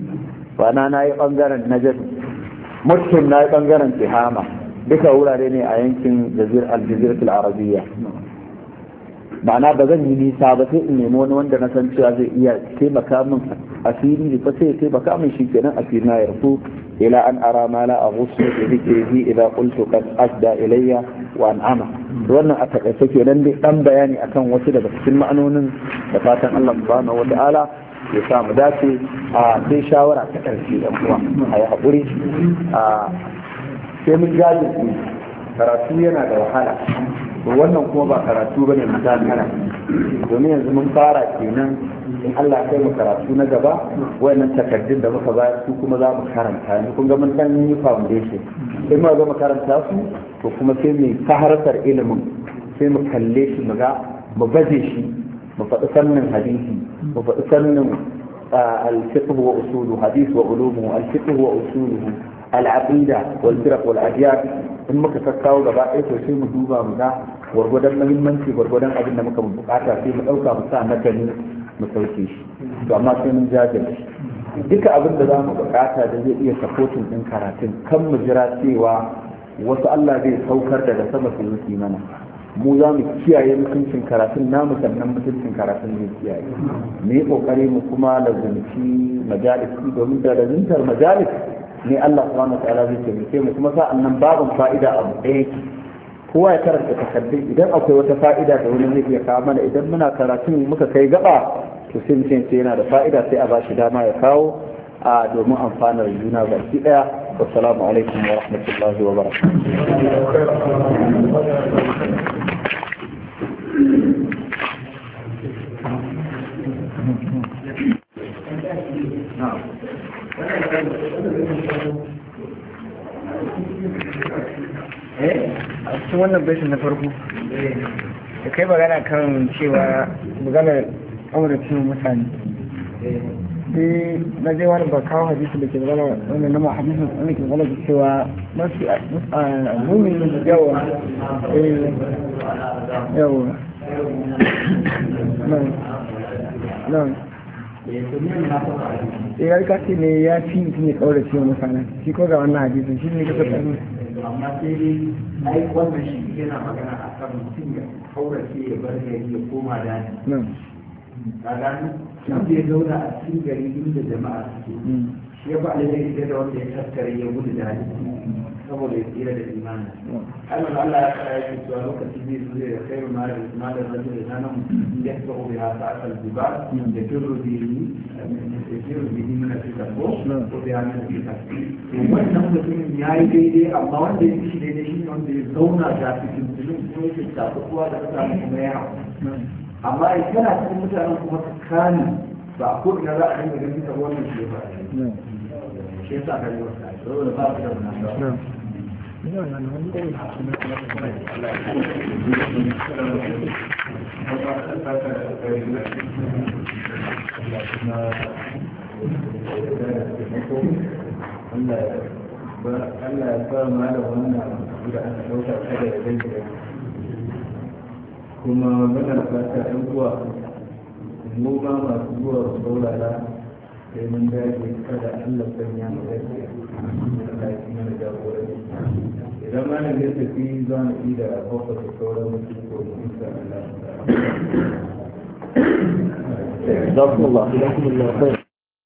وأنا ناي بنجر النجد مسلم ناي بنجر تهامة duka wurare ne a yankin aljaziratul arabiya ma'ana ba zan yi nisa ba sai in nemi wani wanda na san cewa zai iya taimaka min asiri da sai ya taimaka min shi kenan asiri na yarfu ila an ara ma la da bi dhikrihi idza qultu qad asda ilayya wa an'ama wannan a takaice kenan dai dan bayani akan wasu daga cikin ma'anonin da fatan Allah subhanahu wata'ala ya sa mu dace a sai shawara ta karshe dan kuma a yi hakuri a sai mun gaji karatu yana da wahala to wannan kuma ba karatu ba ne mutane domin yanzu mun fara kenan in Allah kai mu karatu na gaba wayannan takardun da muka bayar su kuma za mu karanta ni kun ga mun san yi foundation sai mu ga mu karanta su to kuma sai mu sahartar ilimin sai mu kalle shi mu ga mu baje shi mu faɗi sannin hadisi mu faɗi sannin ah, al-fiqh wa usuluhu hadith wa ulumuhu al-fiqh wa usuluhu al'aqida wal firq in muka kakkawo gaba ɗaya to sai mu duba mu ga gwargwadon muhimmanci gwargwadon abin da muka bukata sai mu ɗauka mu sa nakani mu sauke shi to amma sai mun jajirce duka abin da za mu bukata da zai iya sapotin ɗin karatun kan mu jira cewa wasu Allah zai saukar daga sama su yi mana mu za mu kiyaye mutuncin karatun namu sannan mutuncin karatun ne kiyaye mu yi kokari mu kuma lazanci majalis domin da lazantar majalis ne Allah subhanahu wataala zai taimake mu kuma sa'an nan babin fa'ida abu ɗaya yake kowa ya karanta takardun idan akwai wata fa'ida da wani zai iya kawo mana idan muna karatun muka kai gaba to sai mutum yana da fa'ida sai a bashi dama ya kawo a domin amfanar juna baki daya wassalamu alaikum wa rahmatullahi wa barakatuh eh a cikin wannan baitin na farko da kai magana kan cewa maganar auracin mutane sai eh, na zai wani ba kawo hadisi da ke gana wani nama hadisin wani ke gana da cewa mafi mumin yawa eh, yawa nan sai ya rika ne ya fi mutum ya kaura ce mutane shi ko ga wannan hadisin shi ne ka saka amma sai dai ai wannan shi yana magana a kan mutum ya kaura ce ya bar gari ya koma dani nan ka gani shi da ya zauna a cikin gari inda jama'a suke shi mm. ya ba alai da wanda ya tattare ya gudu dani saboda ya tsira da imani Allah Allah ya fara yake cewa lokaci zai zo ya kai mu mara da rajul da nan ya tsoro bi hasa asal diba da kirru bi ni da kirru bi ni na fita ko ko da yana fita to wannan mutumin ya yi daidai amma wanda ya shi daidai shi wanda ya zauna da cikin cikin kuma ya tafi kowa da kasa kuma ya amma in kana cikin mutanen kuma tsakani ba ko ina za a dinga ganin wannan shi ba shi yasa ka yi wasa saboda ba da Allah ya fara malam wannan da aka ɗauka kada ya kuma muna fata ɗan uwa mu ma masu zuwa saurara sai mun dace kada Allah sanya mu dace Allah ya mana jagoranci idan ma ne tafi za mu yi da hauka da sauran mutum ko Allah